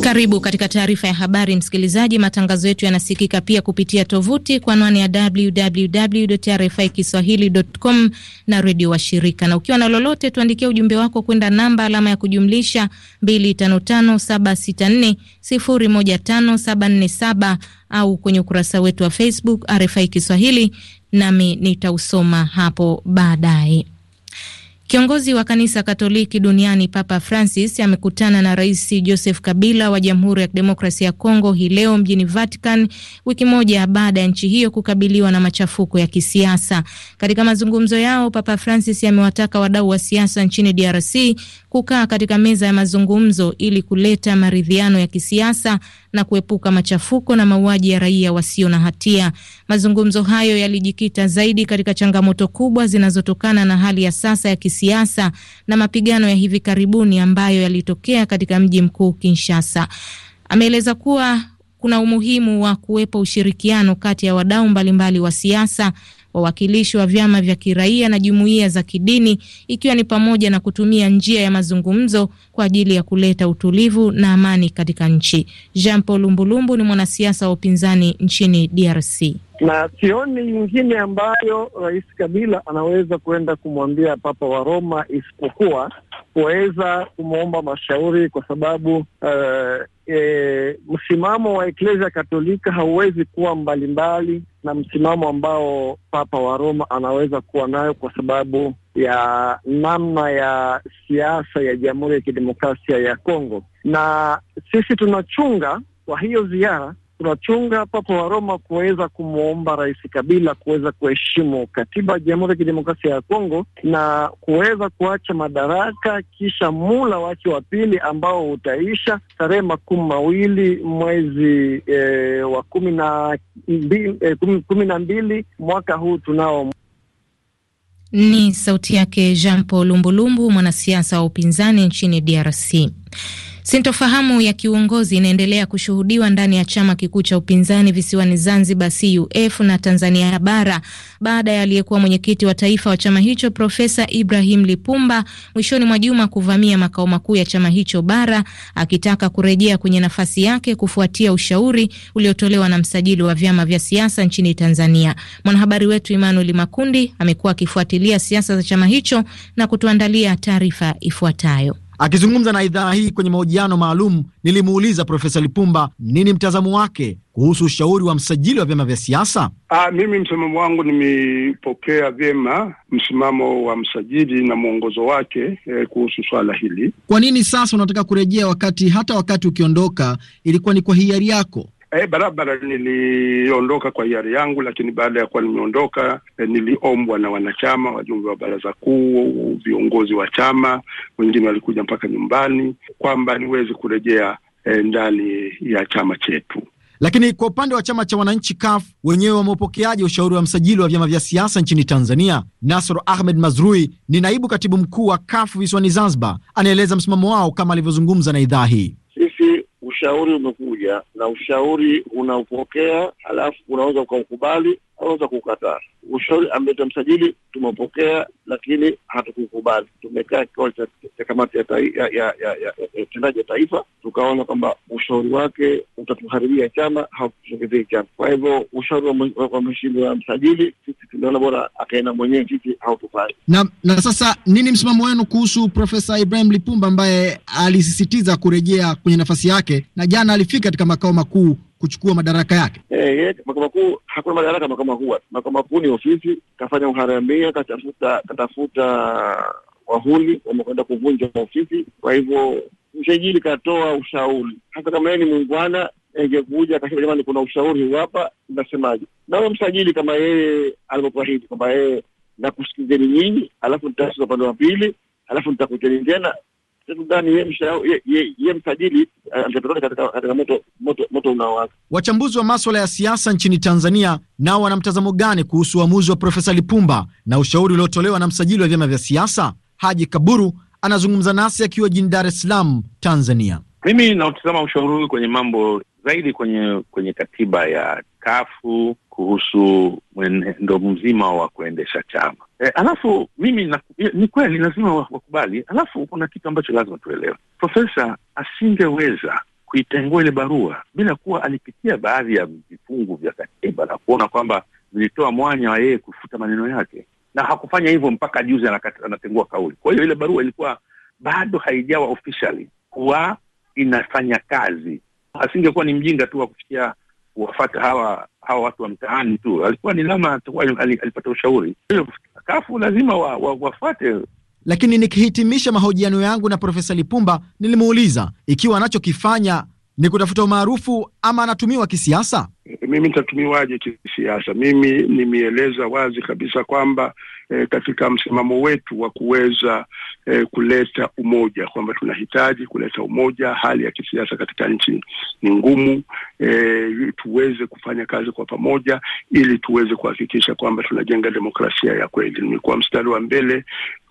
Karibu katika taarifa ya habari, msikilizaji. Matangazo yetu yanasikika pia kupitia tovuti kwa anwani ya www RFI kiswahilicom na redio wa shirika, na ukiwa na lolote tuandikia ujumbe wako kwenda namba alama ya kujumlisha 255764015747 au kwenye ukurasa wetu wa Facebook RFI Kiswahili, nami nitausoma hapo baadaye. Kiongozi wa kanisa Katoliki duniani Papa Francis amekutana na Rais Joseph Kabila wa Jamhuri ya Kidemokrasia ya Kongo hii leo mjini Vatican, wiki moja baada ya nchi hiyo kukabiliwa na machafuko ya kisiasa. Katika mazungumzo yao, Papa Francis amewataka wadau wa siasa nchini DRC kukaa katika meza ya mazungumzo ili kuleta maridhiano ya kisiasa na kuepuka machafuko na mauaji ya raia wasio na hatia. Mazungumzo hayo yalijikita zaidi katika changamoto kubwa zinazotokana na hali ya sasa ya kisiasa na mapigano ya hivi karibuni ambayo yalitokea katika mji mkuu Kinshasa. Ameeleza kuwa kuna umuhimu wa kuwepo ushirikiano kati ya wadau mbalimbali wa siasa wawakilishi wa vyama vya kiraia na jumuiya za kidini, ikiwa ni pamoja na kutumia njia ya mazungumzo kwa ajili ya kuleta utulivu na amani katika nchi. Jean Paul Lumbulumbu ni mwanasiasa wa upinzani nchini DRC. Na sioni nyingine ambayo Rais Kabila anaweza kuenda kumwambia Papa wa Roma isipokuwa kuweza kumwomba mashauri, kwa sababu uh, e, msimamo wa Eklesia Katolika hauwezi kuwa mbalimbali na msimamo ambao Papa wa Roma anaweza kuwa nayo kwa sababu ya namna ya siasa ya Jamhuri ya Kidemokrasia ya Kongo, na sisi tunachunga kwa hiyo ziara tunachunga hapa kwa Waroma kuweza kumwomba Rais Kabila kuweza kuheshimu katiba ya Jamhuri ya Kidemokrasia ya Kongo na kuweza kuacha madaraka, kisha mula wake wa pili ambao utaisha tarehe makumi mawili mwezi e, wa kumi na mbili, eh, kumi na mbili mwaka huu tunao ni sauti yake Jean Paul Lumbulumbu, mwanasiasa wa upinzani nchini DRC. Sintofahamu ya kiuongozi inaendelea kushuhudiwa ndani ya chama kikuu cha upinzani visiwani Zanzibar, CUF, na Tanzania Bara baada ya aliyekuwa mwenyekiti wa taifa wa chama hicho Profesa Ibrahim Lipumba mwishoni mwa juma kuvamia makao makuu ya chama hicho Bara akitaka kurejea kwenye nafasi yake kufuatia ushauri uliotolewa na msajili wa vyama vya siasa nchini Tanzania. Mwanahabari wetu Emmanuel Makundi amekuwa akifuatilia siasa za chama hicho na kutuandalia taarifa ifuatayo. Akizungumza na idhaa hii kwenye mahojiano maalum, nilimuuliza Profesa Lipumba nini mtazamo wake kuhusu ushauri wa msajili wa vyama vya siasa. Aa, ah, mimi msimamo wangu, nimepokea vyema msimamo wa msajili na mwongozo wake eh, kuhusu swala hili. Kwa nini sasa unataka kurejea wakati hata wakati ukiondoka ilikuwa ni kwa hiari yako? Eh, barabara niliondoka kwa hiari yangu, lakini baada ya kuwa nimeondoka, eh, niliombwa na wanachama, wajumbe wa baraza kuu, viongozi wa chama, wengine walikuja mpaka nyumbani kwamba niweze kurejea eh, ndani ya chama chetu. Lakini kwa upande wa chama cha wananchi CUF wenyewe wameupokeaje ushauri wa msajili wa vyama vya siasa nchini Tanzania? Nasr Ahmed Mazrui ni naibu katibu mkuu wa CUF visiwani Zanzibar, anaeleza msimamo wao kama alivyozungumza na idhaa hii. Sisi ushauri umekuja na ushauri unaupokea, halafu unaweza ukaukubali hawaweza kukataa ushauri ambaye msajili tumepokea, lakini hatukukubali. Tumekaa kikao cha kamati ya utendaji ya, ya, ya, ya, ya, ya taifa, tukaona kwamba ushauri wake utatuharibia chama, hautusogezei chama. Kwa hivyo ushauri wa mheshimiwa msajili, sisi tumeona bora akaenda mwenyewe, sisi hautufai. Na, na sasa nini msimamo wenu kuhusu Profesa Ibrahim Lipumba ambaye alisisitiza kurejea kwenye nafasi yake na jana alifika katika makao makuu kuchukua madaraka yake? Eh, eh mahakama kuu hakuna madaraka. Mahakama kuu mahakama kuu ni ofisi, kafanya uharamia, katafuta katafuta wahuni wamekwenda kuvunja ofisi. Kwa hivyo msajili katoa ushauri, hata kama yeye ni muungwana ingekuja akasema jamani, kuna ushauri huu hapa, nasemaje? Nawe msajili kama yeye alivyokuahidi kwamba yeye eh, nakusikizeni nyinyi, alafu nitasikiza upande wa pili, alafu nitakuteni tena Sudani ye msajili eh, katika, katika moto, moto, moto unaowaka. Wachambuzi wa maswala ya siasa nchini Tanzania nao wana mtazamo gani kuhusu uamuzi wa Profesa Lipumba na ushauri uliotolewa na msajili wa vyama vya siasa? Haji Kaburu anazungumza nasi akiwa jijini Dar es Salaam, Tanzania. Mimi nautizama ushauri huu kwenye mambo zaidi kwenye kwenye katiba ya kafu kuhusu mwenendo mzima wa kuendesha chama e, alafu mimi na, ni kweli lazima wakubali. Alafu kuna kitu ambacho lazima tuelewe, profesa asingeweza kuitengua ile barua bila kuwa alipitia baadhi ya vifungu vya katiba na kuona kwamba vilitoa mwanya wa yeye kufuta maneno yake, na hakufanya hivyo mpaka juzi anatengua kauli. Kwa hiyo ile barua ilikuwa bado haijawa officially kuwa inafanya kazi. Asingekuwa ni mjinga tu wa kufikia kuwafata hawa hawa watu wa mtaani tu, alikuwa ni lama alipata ushauri. Kafu lazima wa, wa, wafuate. Lakini nikihitimisha mahojiano yangu na Profesa Lipumba, nilimuuliza ikiwa anachokifanya ni kutafuta umaarufu ama anatumiwa kisiasa. Mimi nitatumiwaje kisiasa? Mimi nimeeleza wazi kabisa kwamba e, katika msimamo wetu wa kuweza e, kuleta umoja kwamba tunahitaji kuleta umoja. Hali ya kisiasa katika nchi ni ngumu e, tuweze kufanya kazi kwa pamoja ili tuweze kuhakikisha kwamba tunajenga demokrasia ya kweli. Nimekuwa mstari wa mbele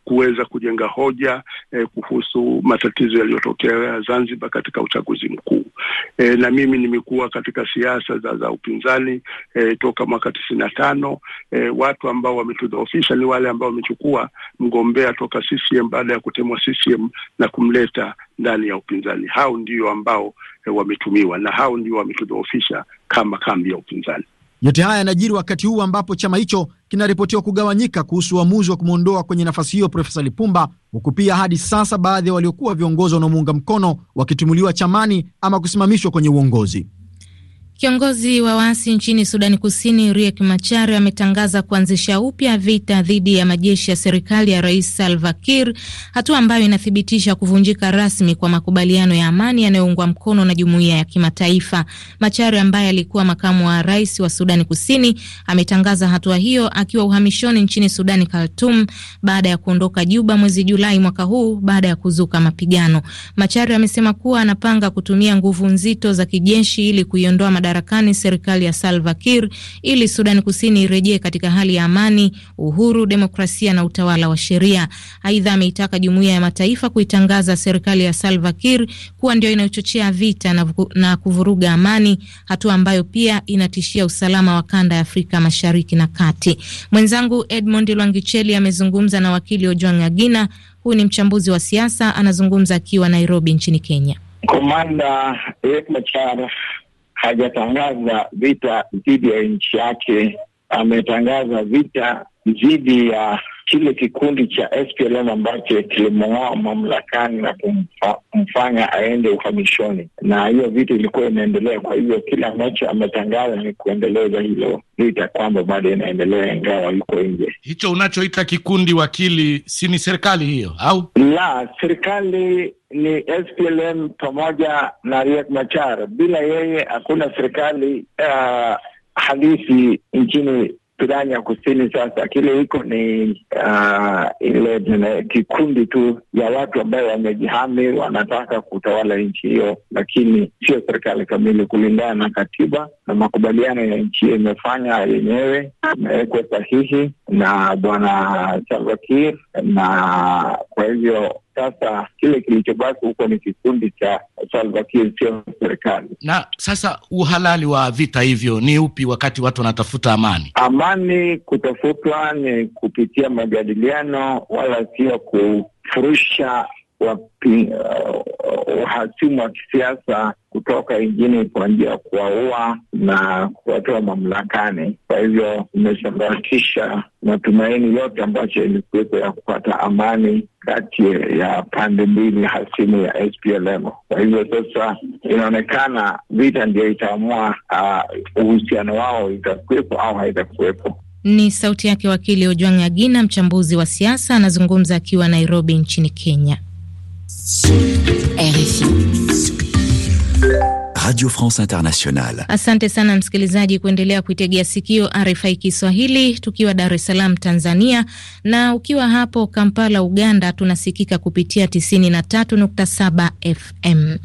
kuweza kujenga hoja eh, kuhusu matatizo yaliyotokea Zanzibar katika uchaguzi mkuu eh, na mimi nimekuwa katika siasa za, za upinzani eh, toka mwaka tisini na tano eh, watu ambao wametudhoofisha ni wale ambao wamechukua mgombea toka CCM baada ya kutemwa CCM na kumleta ndani ya upinzani. Hao ndio ambao eh, wametumiwa na hao ndio wametudhoofisha kama kambi ya upinzani. Yote haya yanajiri wakati huu ambapo chama hicho kinaripotiwa kugawanyika kuhusu uamuzi wa kumwondoa kwenye nafasi hiyo Profesa Lipumba, huku pia hadi sasa baadhi ya waliokuwa viongozi wanaomuunga mkono wakitimuliwa chamani ama kusimamishwa kwenye uongozi. Kiongozi wa waasi nchini Sudani Kusini Riek Machar ametangaza kuanzisha upya vita dhidi ya majeshi ya serikali ya Rais Salva Kiir, hatua ambayo inathibitisha kuvunjika rasmi kwa makubaliano ya amani yanayoungwa mkono na jumuiya ya kimataifa. Machar ambaye alikuwa makamu wa rais wa Sudani Kusini ametangaza hatua hiyo akiwa uhamishoni nchini Sudani, khartum baada ya kuondoka Juba mwezi Julai mwaka huu baada ya kuzuka mapigano. Machar amesema kuwa anapanga kutumia nguvu nzito za kijeshi ili kuiondoa madarakani serikali ya Salva Kiir ili Sudan Kusini irejee katika hali ya amani, uhuru, demokrasia na utawala wa sheria. Aidha, ameitaka jumuiya ya mataifa kuitangaza serikali ya Salva Kiir kuwa ndio inayochochea vita na, kuvuruga amani, hatua ambayo pia inatishia usalama wa kanda ya Afrika Mashariki na Kati. Mwenzangu Edmond Lwangicheli amezungumza na wakili Ojwang' Agina. Huyu ni mchambuzi wa siasa, anazungumza akiwa Nairobi nchini Kenya. Komanda Riek Machar hajatangaza vita dhidi ya nchi yake, ametangaza vita dhidi ya kile kikundi cha SPLM ambacho kilimng'oa mamlakani na kumfanya aende uhamishoni, na hiyo vita ilikuwa inaendelea. Kwa hivyo kile ambacho ametangaza ni kuendeleza hilo vita, kwamba bado inaendelea ingawa yuko nje. Hicho unachoita kikundi wakili, si ni serikali hiyo au la? Serikali ni SPLM pamoja na Riek Machar. Bila yeye hakuna serikali uh, halisi nchini Sudani ya Kusini sasa kile iko ni uh, ile kikundi tu ya watu ambayo wamejihami wanataka kutawala nchi hiyo, lakini sio serikali kamili kulingana na katiba na makubaliano ya nchi hiyo imefanya yenyewe, imewekwa sahihi na bwana Salva Kiir, na kwa hivyo sasa kile kilichobaki huko ni kikundi cha Salva Kiir, sio serikali. Na sasa uhalali wa vita hivyo ni upi, wakati watu wanatafuta amani? Amani kutafutwa ni kupitia majadiliano, wala sio kufurusha wahasimu uh, wa kisiasa kutoka nchini kwa njia ya kuwaua na kuwatoa mamlakani. Kwa hivyo imesambaratisha matumaini yote ambacho ilikuwepo ya kupata amani kati ya pande mbili hasimu ya SPLM. Kwa hivyo sasa inaonekana vita ndio itaamua uh, uhusiano wao itakuwepo au haitakuwepo. Ni sauti yake wakili Ojwang' Agina, mchambuzi wa siasa, anazungumza akiwa Nairobi nchini Kenya. RFI. Radio France Internationale. Asante sana msikilizaji kuendelea kuitegea sikio RFI Kiswahili tukiwa Dar es Salaam Tanzania na ukiwa hapo Kampala Uganda tunasikika kupitia 93.7 FM.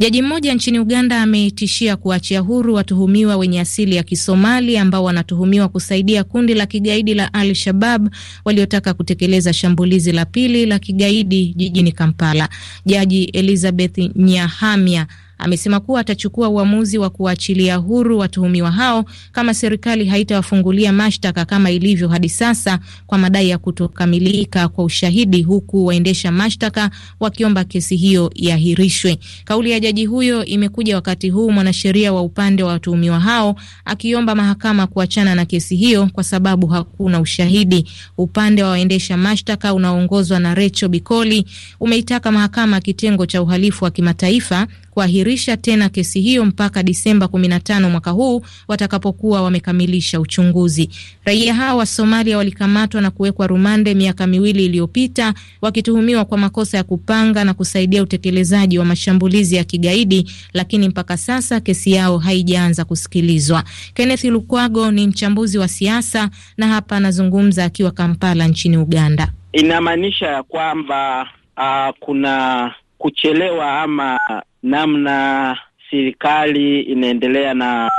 Jaji mmoja nchini Uganda ametishia kuachia huru watuhumiwa wenye asili ya Kisomali ambao wanatuhumiwa kusaidia kundi la kigaidi la Al Shabab waliotaka kutekeleza shambulizi la pili la kigaidi jijini Kampala. Jaji Elizabeth nyahamia amesema kuwa atachukua uamuzi wa kuwaachilia huru watuhumiwa hao kama serikali haitawafungulia mashtaka kama ilivyo hadi sasa kwa madai ya kutokamilika kwa ushahidi, huku waendesha mashtaka wakiomba kesi hiyo iahirishwe. Kauli ya jaji huyo imekuja wakati huu mwanasheria wa upande wa watuhumiwa hao akiomba mahakama kuachana na kesi hiyo kwa sababu hakuna ushahidi. Upande wa waendesha mashtaka unaoongozwa na Recho Bikoli umeitaka mahakama kitengo cha uhalifu wa kimataifa kuahirisha tena kesi hiyo mpaka Disemba 15 mwaka huu watakapokuwa wamekamilisha uchunguzi. Raia hao wa Somalia walikamatwa na kuwekwa rumande miaka miwili iliyopita wakituhumiwa kwa makosa ya kupanga na kusaidia utekelezaji wa mashambulizi ya kigaidi, lakini mpaka sasa kesi yao haijaanza kusikilizwa. Kenneth Lukwago ni mchambuzi wa siasa na hapa anazungumza akiwa Kampala nchini Uganda. Inamaanisha ya kwamba uh, kuna kuchelewa ama namna serikali inaendelea na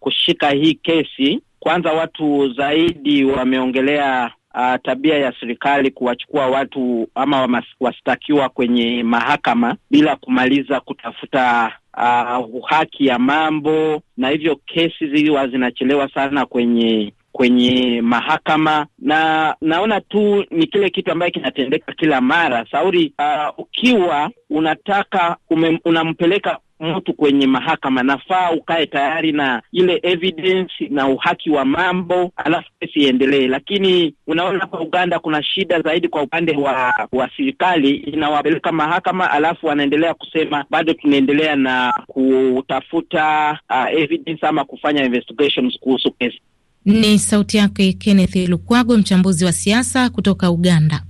kushika hii kesi. Kwanza watu zaidi wameongelea uh, tabia ya serikali kuwachukua watu ama wastakiwa kwenye mahakama bila kumaliza kutafuta uh, haki ya mambo, na hivyo kesi ziliwa zinachelewa sana kwenye kwenye mahakama, na naona tu ni kile kitu ambaye kinatendeka kila mara Sauri. Uh, ukiwa unataka ume, unampeleka mtu kwenye mahakama, nafaa ukae tayari na ile evidence na uhaki wa mambo, alafu kesi iendelee. Lakini unaona kwa Uganda kuna shida zaidi kwa upande wa wa serikali, inawapeleka mahakama, alafu wanaendelea kusema bado tunaendelea na kutafuta uh, evidence ama kufanya investigations kuhusu kesi. Ni sauti yake Kenneth Lukwago, mchambuzi wa siasa kutoka Uganda.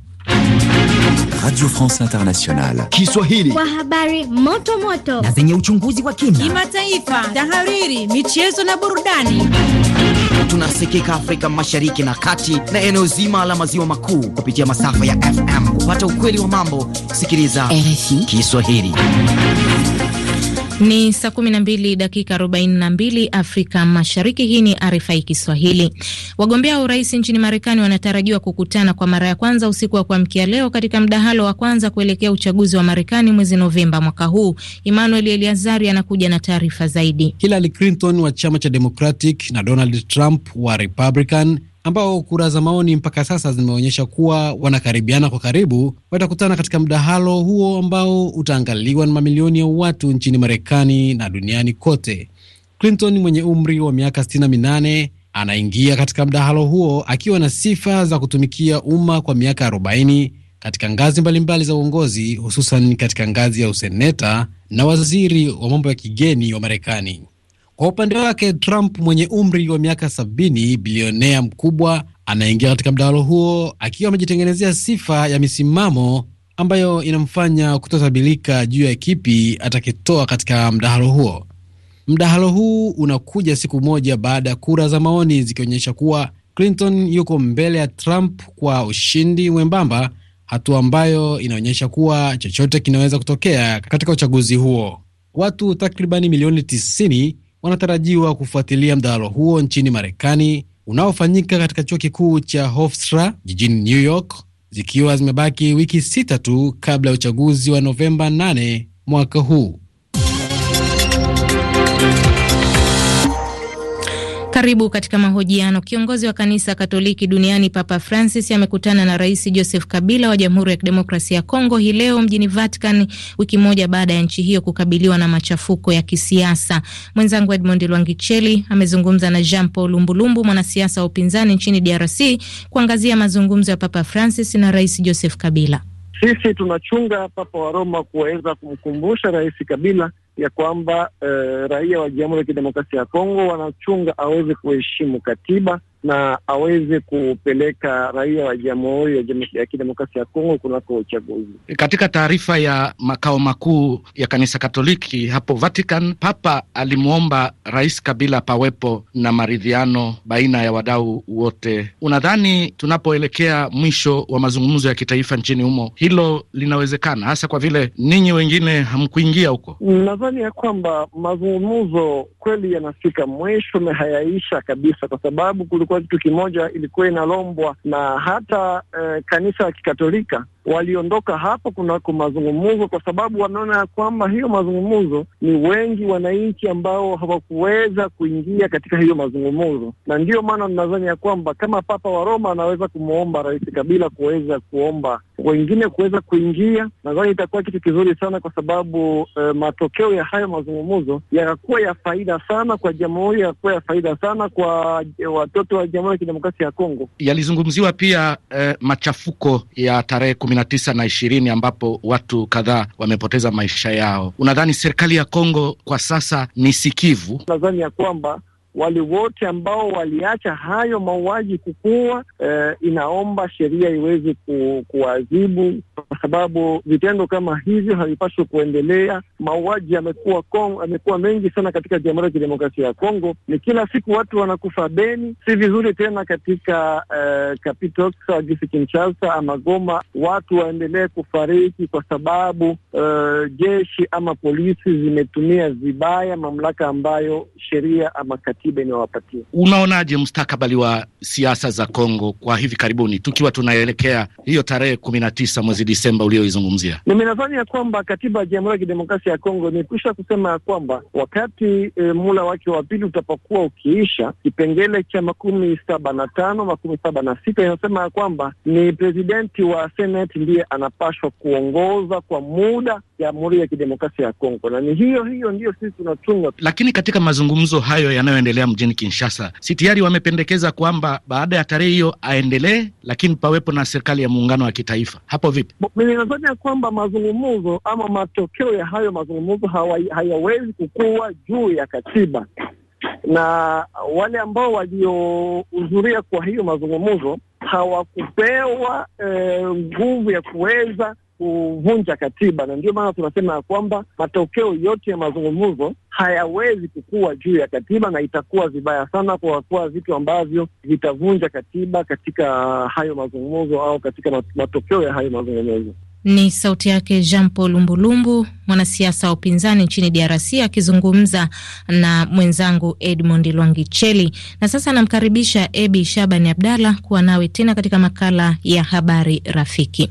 Radio France Internationale Kiswahili, kwa habari moto moto na zenye uchunguzi wa kina, kimataifa, tahariri, michezo na burudani. Tunasikika Afrika Mashariki na Kati na eneo zima la maziwa makuu kupitia masafa ya FM. Kupata ukweli wa mambo, sikiliza RFI Kiswahili. Ni saa 12 dakika 42 Afrika Mashariki. Hii ni RFI Kiswahili. Wagombea wa urais nchini Marekani wanatarajiwa kukutana kwa mara ya kwanza usiku wa kuamkia leo katika mdahalo wa kwanza kuelekea uchaguzi wa Marekani mwezi Novemba mwaka huu. Emmanuel Eliazari anakuja na taarifa zaidi. Hillary Clinton wa chama cha Democratic na Donald Trump wa Republican ambao kura za maoni mpaka sasa zimeonyesha kuwa wanakaribiana kwa karibu, watakutana katika mdahalo huo ambao utaangaliwa na mamilioni ya watu nchini Marekani na duniani kote. Clinton mwenye umri wa miaka 68 anaingia katika mdahalo huo akiwa na sifa za kutumikia umma kwa miaka 40 katika ngazi mbalimbali za uongozi, hususan katika ngazi ya useneta na waziri wa mambo ya kigeni wa Marekani. Kwa upande wake, Trump mwenye umri wa miaka sabini, bilionea mkubwa, anaingia katika mdahalo huo akiwa amejitengenezea sifa ya misimamo ambayo inamfanya kutotabilika juu ya kipi atakitoa katika mdahalo huo. Mdahalo huu unakuja siku moja baada ya kura za maoni zikionyesha kuwa Clinton yuko mbele ya Trump kwa ushindi mwembamba, hatua ambayo inaonyesha kuwa chochote kinaweza kutokea katika uchaguzi huo. Watu takribani milioni 90 wanatarajiwa kufuatilia mdahalo huo nchini Marekani unaofanyika katika chuo kikuu cha Hofstra jijini New York, zikiwa zimebaki wiki sita tu kabla ya uchaguzi wa Novemba 8 mwaka huu. Karibu katika mahojiano. Kiongozi wa kanisa Katoliki duniani Papa Francis amekutana na Rais Joseph Kabila wa Jamhuri ya Kidemokrasia ya Kongo hii leo mjini Vatican, wiki moja baada ya nchi hiyo kukabiliwa na machafuko ya kisiasa. Mwenzangu Edmond Lwangicheli amezungumza na Jean Paul Lumbulumbu, mwanasiasa wa upinzani nchini DRC, kuangazia mazungumzo ya Papa Francis na Rais Joseph Kabila. Sisi tunachunga Papa wa Roma kuweza kumkumbusha Rais Kabila ya kwamba eh, raia wa Jamhuri ya Kidemokrasia ya Kongo wanachunga aweze kuheshimu katiba na aweze kupeleka raia wa Jamhuri ya Kidemokrasia ya Kongo kunako uchaguzi. Katika taarifa ya makao makuu ya kanisa Katoliki hapo Vatican, Papa alimwomba Rais Kabila pawepo na maridhiano baina ya wadau wote. Unadhani tunapoelekea mwisho wa mazungumzo ya kitaifa nchini humo hilo linawezekana, hasa kwa vile ninyi wengine hamkuingia huko? Nadhani ya kwamba mazungumzo kweli yanafika mwisho, hayaisha kabisa, kwa sababu ilikuwa kitu kimoja, ilikuwa inalombwa na hata eh, kanisa la Kikatolika waliondoka hapo kunako mazungumzo, kwa sababu wameona ya kwamba hiyo mazungumzo, ni wengi wananchi ambao hawakuweza kuingia katika hiyo mazungumzo, na ndiyo maana ninadhani ya kwamba kama Papa wa Roma anaweza kumwomba Rais Kabila kuweza kuomba wengine kuweza kuingia, nadhani itakuwa kitu kizuri sana, kwa sababu eh, matokeo ya hayo mazungumzo yakakuwa ya faida sana kwa jamhuri, yakakuwa ya faida sana kwa eh, watoto wa Jamhuri ya Kidemokrasia ya Kongo. Yalizungumziwa pia eh, machafuko ya tarehe kumi na tisa na ishirini ambapo watu kadhaa wamepoteza maisha yao. Unadhani serikali ya Kongo kwa sasa ni sikivu? Nadhani ya kwamba wale wote ambao waliacha hayo mauaji kukua, eh, inaomba sheria iweze ku, kuwaadhibu kwa sababu vitendo kama hivyo havipaswi kuendelea. Mauaji yamekuwa amekuwa mengi sana katika Jamhuri ya Kidemokrasia ya Kongo, ni kila siku watu wanakufa Beni, si vizuri tena katika eh, Capitol Kinshasa ama Goma, watu waendelee kufariki kwa sababu eh, jeshi ama polisi zimetumia vibaya mamlaka ambayo sheria ama katiba inayowapatia. Unaonaje mustakabali wa siasa za Kongo kwa hivi karibuni, tukiwa tunaelekea hiyo tarehe kumi na tisa mwezi Disemba ulioizungumzia? Mimi nadhani ya kwamba katiba ya Jamhuri ya Kidemokrasia ya Kongo imekwisha kusema ya kwamba wakati e, eh, mula wake wa pili utapokuwa ukiisha, kipengele cha makumi saba na tano makumi saba na sita inasema ya kwamba ni presidenti wa seneti ndiye anapashwa kuongoza kwa muda Jamhuri ya Kidemokrasia ya Kongo, na ni hiyo hiyo ndiyo sisi tunatunga. Lakini katika mazungumzo hayo yanayoendelea mjini Kinshasa, si tayari wamependekeza kwamba baada ya tarehe hiyo aendelee, lakini pawepo na serikali ya muungano wa kitaifa? Hapo vipi? Mimi nadhani ya kwamba mazungumzo ama matokeo ya hayo mazungumzo hayawezi kukuwa juu ya katiba, na wale ambao waliohudhuria kwa hiyo mazungumzo hawakupewa eh, nguvu eh, ya kuweza kuvunja katiba, na ndio maana tunasema ya kwamba matokeo yote ya mazungumzo hayawezi kukuwa juu ya katiba, na itakuwa vibaya sana kwa kuwa vitu ambavyo vitavunja katiba katika hayo mazungumzo au katika matokeo ya hayo mazungumzo. Ni sauti yake Jean Paul Lumbulumbu, mwanasiasa wa upinzani nchini DRC akizungumza na mwenzangu Edmond Lwangicheli. Na sasa anamkaribisha Ebi Shabani Abdalla kuwa nawe tena katika makala ya habari rafiki.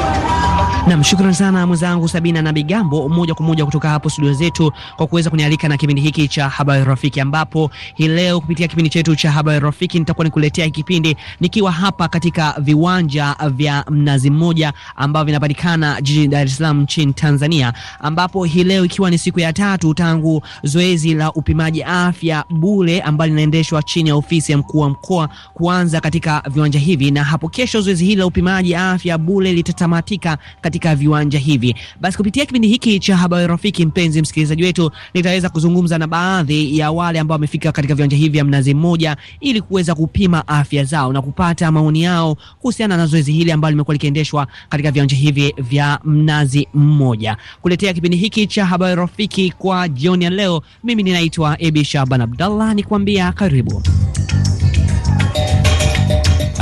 Nam, shukrani sana mwenzangu Sabina na Bigambo, moja kwa moja kutoka hapo studio zetu kwa kuweza kunialika na kipindi hiki cha Habari Rafiki, ambapo hii leo kupitia kipindi chetu cha Habari Rafiki nitakuwa nikuletea kipindi nikiwa hapa katika viwanja vya Mnazi Mmoja ambavyo vinapatikana jijini Dar es Salaam nchini Tanzania, ambapo hii leo ikiwa ni siku ya tatu tangu zoezi la upimaji afya bure ambalo linaendeshwa chini ya ofisi ya mkuu wa mkoa kuanza katika viwanja hivi, na hapo kesho zoezi hili la upimaji afya bure litatamatika katika katika viwanja hivi. Basi kupitia kipindi hiki cha habari rafiki, mpenzi msikilizaji wetu, nitaweza kuzungumza na baadhi ya wale ambao wamefika katika viwanja hivi vya Mnazi Mmoja ili kuweza kupima afya zao na kupata maoni yao kuhusiana na zoezi hili ambalo limekuwa likiendeshwa katika viwanja hivi vya Mnazi Mmoja. Kuletea kipindi hiki cha habari rafiki kwa jioni ya leo, mimi ninaitwa ebi Shaban Abdallah, nikwambia karibu.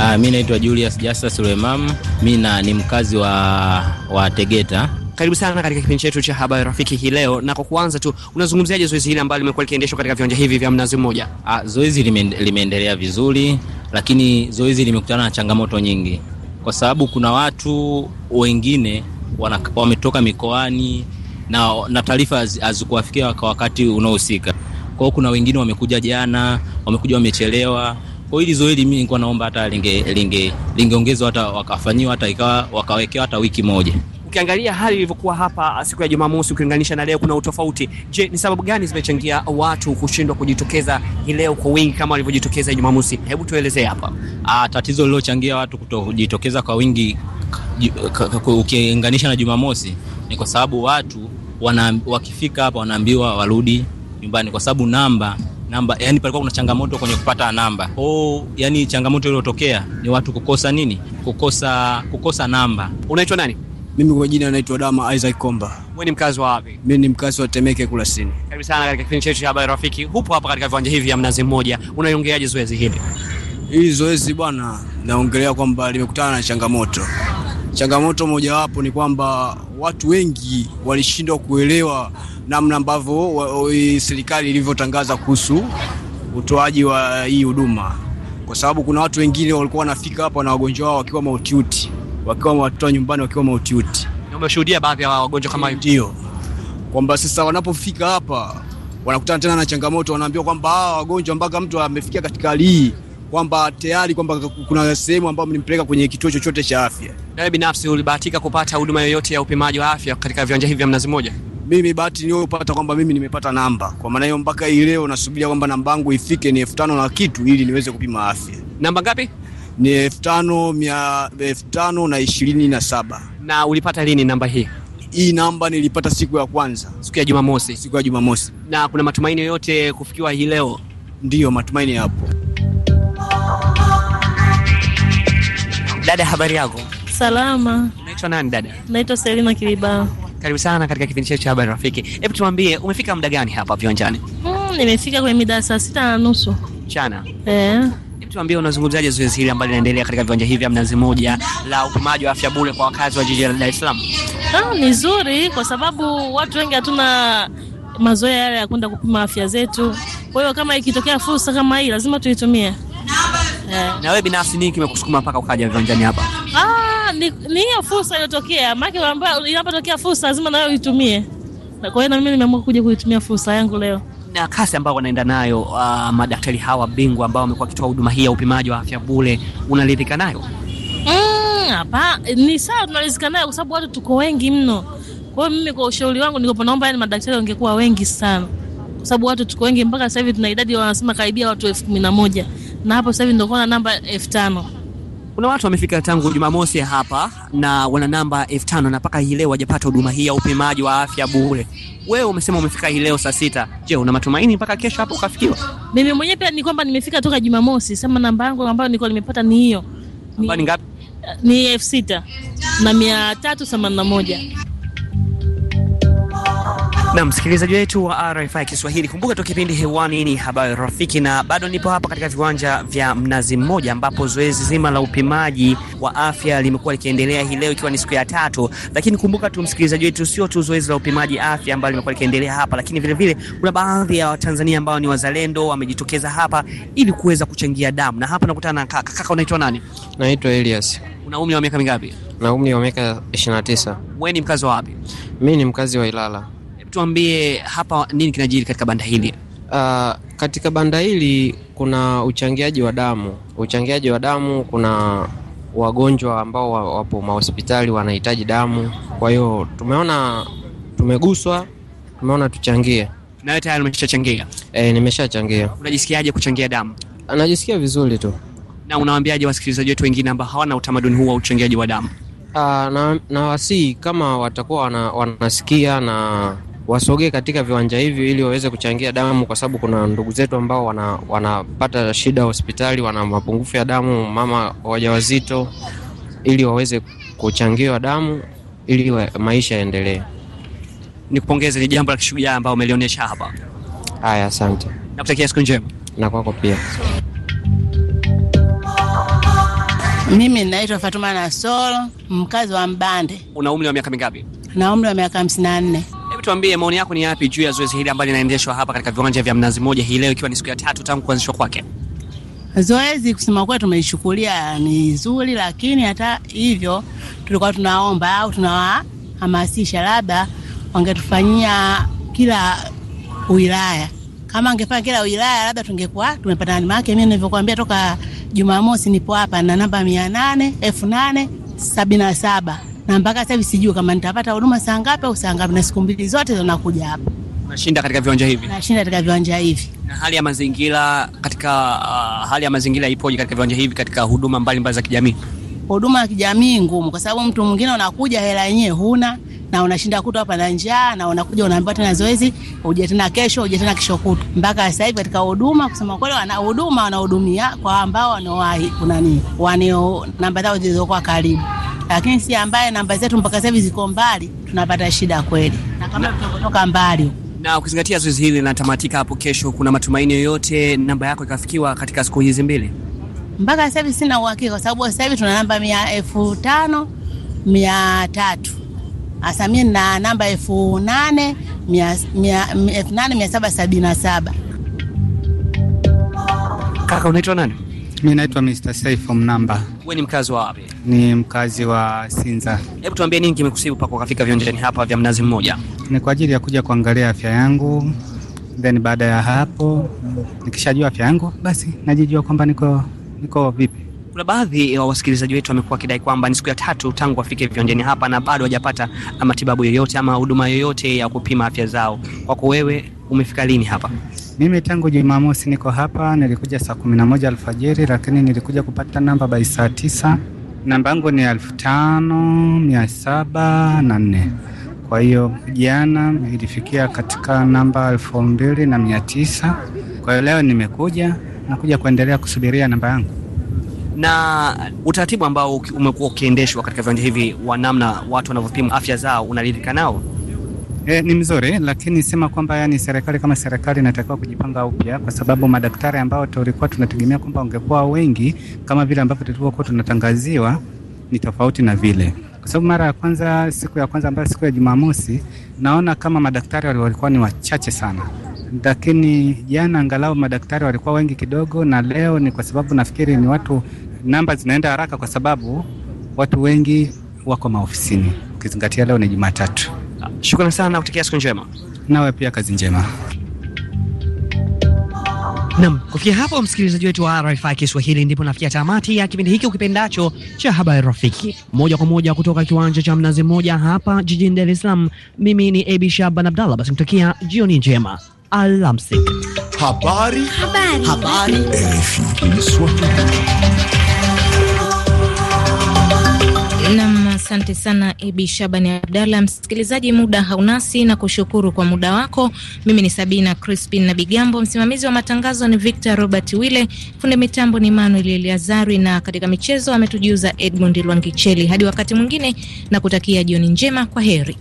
Uh, mi naitwa Julius jasa Sulemam, mi ni mkazi wa, wa Tegeta. Karibu sana katika kipindi chetu cha habari rafiki hii leo, na kwa kuanza tu, unazungumziaje zoezi hili ambalo limekuwa likiendeshwa katika viwanja hivi vya Mnazi Mmoja? Uh, zoezi limeendelea vizuri, lakini zoezi limekutana na changamoto nyingi, kwa sababu kuna watu wengine wametoka mikoani na, na taarifa hazikuwafikia kwa wakati unaohusika. Kwa hiyo kuna wengine wamekuja jana, wamekuja wamechelewa kwa hili zoezi mimi nilikuwa naomba hata linge linge, lingeongezwa hata wakafanyiwa hata ikawa wakawekewa hata wiki moja. Ukiangalia hali ilivyokuwa hapa ah, siku ya Jumamosi ukilinganisha na leo, kuna utofauti. Je, ni sababu gani zimechangia watu kushindwa kujitokeza hii leo kwa wingi kama walivyojitokeza Jumamosi? Hebu tuelezee hapa. Ah, tatizo lililochangia watu kutojitokeza kwa wingi ukilinganisha na Jumamosi ni kwa sababu watu wana, wakifika hapa wanaambiwa warudi nyumbani kwa sababu namba namba, yani palikuwa kuna changamoto kwenye kupata namba. Oh, yani changamoto iliyotokea ni watu kukosa nini? Kukosa kukosa namba. Unaitwa nani? Mimi kwa jina naitwa Dama Isaac Komba. Wewe ni mkazi wa wapi? Mimi ni mkazi wa Temeke Kulasini. Karibu sana katika kipindi chetu cha habari rafiki. Hupo hapa katika viwanja hivi vya Mnazi Mmoja. Unaiongeaje zoezi hili? Hii zoezi bwana, naongelea kwamba limekutana na changamoto Changamoto mojawapo ni kwamba watu wengi walishindwa kuelewa namna ambavyo serikali ilivyotangaza kuhusu utoaji wa hii huduma, kwa sababu kuna watu wengine walikuwa wanafika hapa na wagonjwa wao wakiwa mautiuti, wakiwa watoa nyumbani wakiwa mautiuti. Umeshuhudia baadhi ya wagonjwa kama hiyo? Ndio, kwamba sasa wanapofika hapa wanakutana tena na changamoto, wanaambiwa kwamba hawa ah, wagonjwa mpaka mtu amefikia katika hali hii kwamba tayari kwamba kuna sehemu ambayo mlimpeleka kwenye kituo chochote cha afya. Wewe binafsi ulibahatika kupata huduma yoyote ya upimaji wa afya katika viwanja hivi vya Mnazi Mmoja? Mimi bahati niliyopata kwamba mimi nimepata namba, kwa maana hiyo mpaka hii leo nasubiria kwamba namba yangu ifike ni elfu tano na kitu ili niweze kupima afya. Namba ngapi? Ni elfu tano mia elfu tano na ishirini na saba. Na ulipata lini namba hii? Hii namba nilipata siku ya kwanza, siku ya Jumamosi, siku ya Jumamosi. Na kuna matumaini yoyote kufikiwa hii leo? Ndiyo, matumaini yapo. Dada, habari yako? Salama. Unaitwa nani dada? Naitwa Selima Kilibao. Karibu sana katika kipindi chetu cha habari rafiki. Hebu tuambie umefika muda gani hapa viwanjani? Mm, nimefika kwenye mida saa sita na nusu mchana. Eh. Hebu tuambie unazungumzaje zoezi hili ambalo linaendelea katika viwanja hivi mnazi moja la upimaji wa afya bure kwa wakazi wa jiji la Dar es Salaam? Ah, ni zuri kwa sababu watu wengi hatuna mazoea yale ya kwenda kupima afya zetu. Kwa hiyo kama ikitokea fursa kama hii lazima tuitumie yeah. Na wewe binafsi nini kimekusukuma mpaka ukaja viwanjani hapa? Ah, ni, ni hiyo fursa iliyotokea, maana inapotokea fursa lazima nayo uitumie. na Kwa hiyo na mimi nimeamua kuja kuitumia fursa yangu leo na kasi ambayo wanaenda nayo uh, madaktari hawa bingwa ambao wamekuwa wakitoa huduma hii ya upimaji wa afya bure, unaridhika nayo? Mm, hapa mm, ni sawa, tunaridhika nayo kwa sababu watu tuko wengi mno. Kwa hiyo mimi kwa ushauri wangu nilikuwa naomba yani madaktari wangekuwa wengi sana, kwa sababu watu tuko wengi, mpaka sasa hivi tuna idadi wanasema karibia watu elfu kumi na moja na hapo sasa hivi ndio kuna namba elfu tano. Kuna watu wamefika tangu Jumamosi hapa na wana namba elfu tano na mpaka hii leo wajapata huduma hii ya upimaji wa afya bure. Wewe umesema umefika hii leo saa sita. Je, una matumaini mpaka kesho hapo ukafikiwa? Mimi mwenyewe pia ni kwamba nimefika toka Jumamosi, sema namba yangu ambayo nilikuwa nimepata ni hiyo. Ni ngapi? Ni elfu sita na mia tatu themanini na moja na msikilizaji wetu wa RFI Kiswahili, kumbuka tu kipindi hewani ni habari rafiki, na bado nipo hapa katika viwanja vya Mnazi Mmoja ambapo zoezi zima la upimaji wa afya limekuwa likiendelea hii leo ikiwa ni siku ya tatu. Lakini kumbuka tu msikilizaji wetu, sio tu zoezi la upimaji afya ambalo limekuwa likiendelea hapa, lakini vile vile kuna baadhi ya Watanzania ambao ni wazalendo wamejitokeza hapa ili kuweza kuchangia damu, na hapa nakutana na kaka. Kaka, unaitwa nani? Naitwa Elias. Una umri wa miaka mingapi? Na umri wa miaka 29. Wewe ni mkazi wa wapi? Mimi ni mkazi wa Ilala tuambie hapa nini kinajiri katika banda hili? Uh, katika banda hili kuna uchangiaji wa damu. Uchangiaji wa damu, kuna wagonjwa ambao wapo mahospitali wanahitaji damu. Kwa hiyo tumeona tumeguswa, tumeona tuchangie. Nawe tayari umeshachangia? Eh, nimeshachangia. Unajisikiaje kuchangia damu? Najisikia vizuri tu. Na unawaambiaje wasikilizaji wetu wengine ambao hawana utamaduni huu wa uchangiaji wa damu? Uh, na, na wasii kama watakuwa wanasikia na wasogee katika viwanja hivyo ili waweze kuchangia damu, kwa sababu kuna ndugu zetu ambao wana, wanapata shida hospitali, wana mapungufu ya damu, mama wajawazito, ili waweze kuchangiwa damu ili wa, maisha yaendelee. Nikupongeze, ni jambo la kishujaa ambao umelionyesha hapa. Haya, asante. Nakutakia siku njema. Na kwako pia. Mimi naitwa Fatuma Nasoro, mkazi wa Mbande. Una umri wa miaka mingapi? Na umri wa miaka na nne. Hebu tuambie maoni yako ni yapi juu ya zoezi hili ambalo linaendeshwa hapa katika viwanja vya Mnazi Mmoja hii leo ikiwa ni siku ya tatu tangu kuanzishwa kwake? Zoezi kusema kweli, tumeishukulia ni zuri, lakini hata hivyo tulikuwa tunaomba au tunawahamasisha labda wangetufanyia kila wilaya kama angefanya kila wilaya labda tungekuwa tumepata. Maana yake mimi nilivyokuambia toka Jumamosi nipo hapa na namba mia nane elfu nane sabini na saba na mpaka sasa hivi sijui kama nitapata huduma saa ngapi au saa ngapi, na siku mbili zote zinakuja hapa. Nashinda katika viwanja hivi, nashinda katika viwanja hivi. Na hali ya mazingira katika uh, hali ya mazingira ipoje katika viwanja hivi, katika huduma mbalimbali mbali za kijamii? Huduma ya kijamii ngumu, kwa sababu mtu mwingine unakuja hela yenyewe huna na unashinda kutu hapa na njaa, na unakuja unaambiwa tena zoezi uje tena kesho, uje tena kesho kutu. Mpaka sasa hivi katika huduma, kusema kweli, wana huduma wanahudumia kwa ambao wanowahi kuna nini wanio namba zao zilizokuwa karibu lakini si ambaye namba zetu mpaka sasa hivi ziko mbali, tunapata shida kweli, na kama kutoka mbali na ukizingatia zoezi hili linatamatika hapo kesho, kuna matumaini yoyote namba yako ikafikiwa katika siku hizi mbili? Mpaka sasa hivi sina uhakika, kwa sababu sasa hivi tuna namba mia elfu tano mia tatu hasa mie na namba elfu nane mia saba sabini na saba. Kaka, unaitwa nani? Mimi naitwa Mr. Saif Mnamba. Wewe ni mkazi wa wapi? Ni mkazi wa Sinza. Hebu tuambie nini kimekusibu pako ukafika viwanjani hapa vya Mnazi Mmoja? Ni kwa ajili ya kuja kuangalia afya yangu. Then baada ya hapo nikishajua afya yangu basi najijua kwamba niko niko vipi. Kuna baadhi ya wasikilizaji wetu wamekuwa wakidai kwamba ni siku ya tatu tangu wafike viwanjani hapa na bado hajapata ah, matibabu yoyote ama huduma yoyote ya kupima afya zao. Kwako wewe umefika lini hapa? Mimi tangu Jumamosi niko hapa, nilikuja saa kumi na moja alfajiri, lakini nilikuja kupata namba by saa tisa. Namba yangu ni elfu tano mia saba na nne. Kwa hiyo jana ilifikia katika namba elfu mbili na mia tisa. Kwa hiyo leo nimekuja, nakuja kuendelea kusubiria namba yangu. Na utaratibu ambao umekuwa ukiendeshwa katika viwanja hivi wa namna watu wanavyopima afya zao unaridhika nao? E, ni mzuri lakini sema kwamba yani serikali kama serikali inatakiwa kujipanga upya, kwa sababu madaktari ambao tulikuwa tunategemea kwamba wangekuwa wengi kama vile ambavyo tulikuwa tunatangaziwa ni tofauti na vile kwa sababu mara ya kwanza, siku ya kwanza ambayo siku ya Jumamosi, naona kama madaktari walikuwa ni wachache sana, lakini jana angalau madaktari walikuwa wengi kidogo, na leo ni kwa sababu nafikiri ni watu, namba zinaenda haraka, kwa sababu watu wengi wako maofisini, ukizingatia leo ni Jumatatu. Shukrani sana, kutakia siku njema. Nawe pia kazi njema. Nam, kufikia hapo msikilizaji wetu wa RFI Kiswahili, ndipo nafikia tamati ya kipindi hiki ukipendacho cha habari rafiki, moja kwa moja kutoka kiwanja cha Mnazi Mmoja hapa jijini Dar es Salaam. Mimi ni Abi Shaban Abdallah, basi nitakia jioni njema, alamsik. Habari. Habari. Habari. RFI Kiswahili. Asante sana Ibi Shabani Abdalla. Msikilizaji, muda haunasi na kushukuru kwa muda wako. Mimi ni Sabina Crispin na Bigambo, msimamizi wa matangazo ni Victor Robert Wille, funde mitambo ni Manuel Eliazari, na katika michezo ametujiuza Edmund Lwangicheli. Hadi wakati mwingine, na kutakia jioni njema. Kwa heri.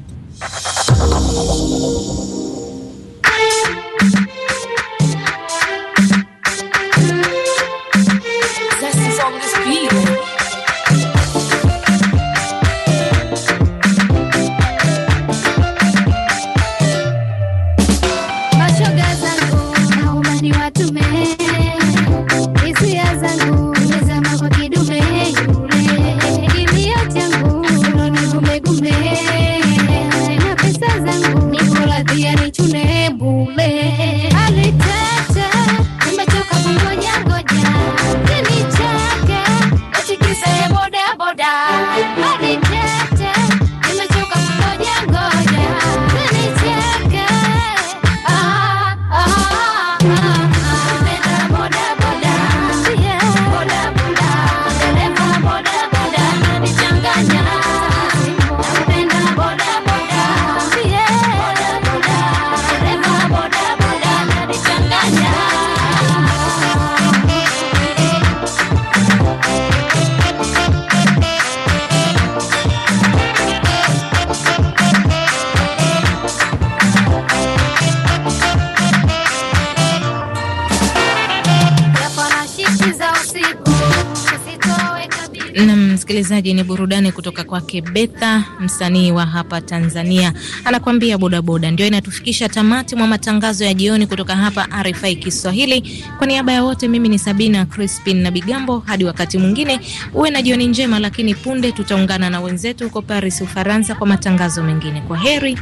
late. msikilizaji, ni burudani kutoka kwake Betha, msanii wa hapa Tanzania, anakuambia bodaboda. Ndio inatufikisha tamati mwa matangazo ya jioni kutoka hapa RFI Kiswahili. Kwa niaba ya wote, mimi ni Sabina Crispin na Bigambo. Hadi wakati mwingine, uwe na jioni njema, lakini punde tutaungana na wenzetu huko Paris, Ufaransa, kwa matangazo mengine. Kwa heri.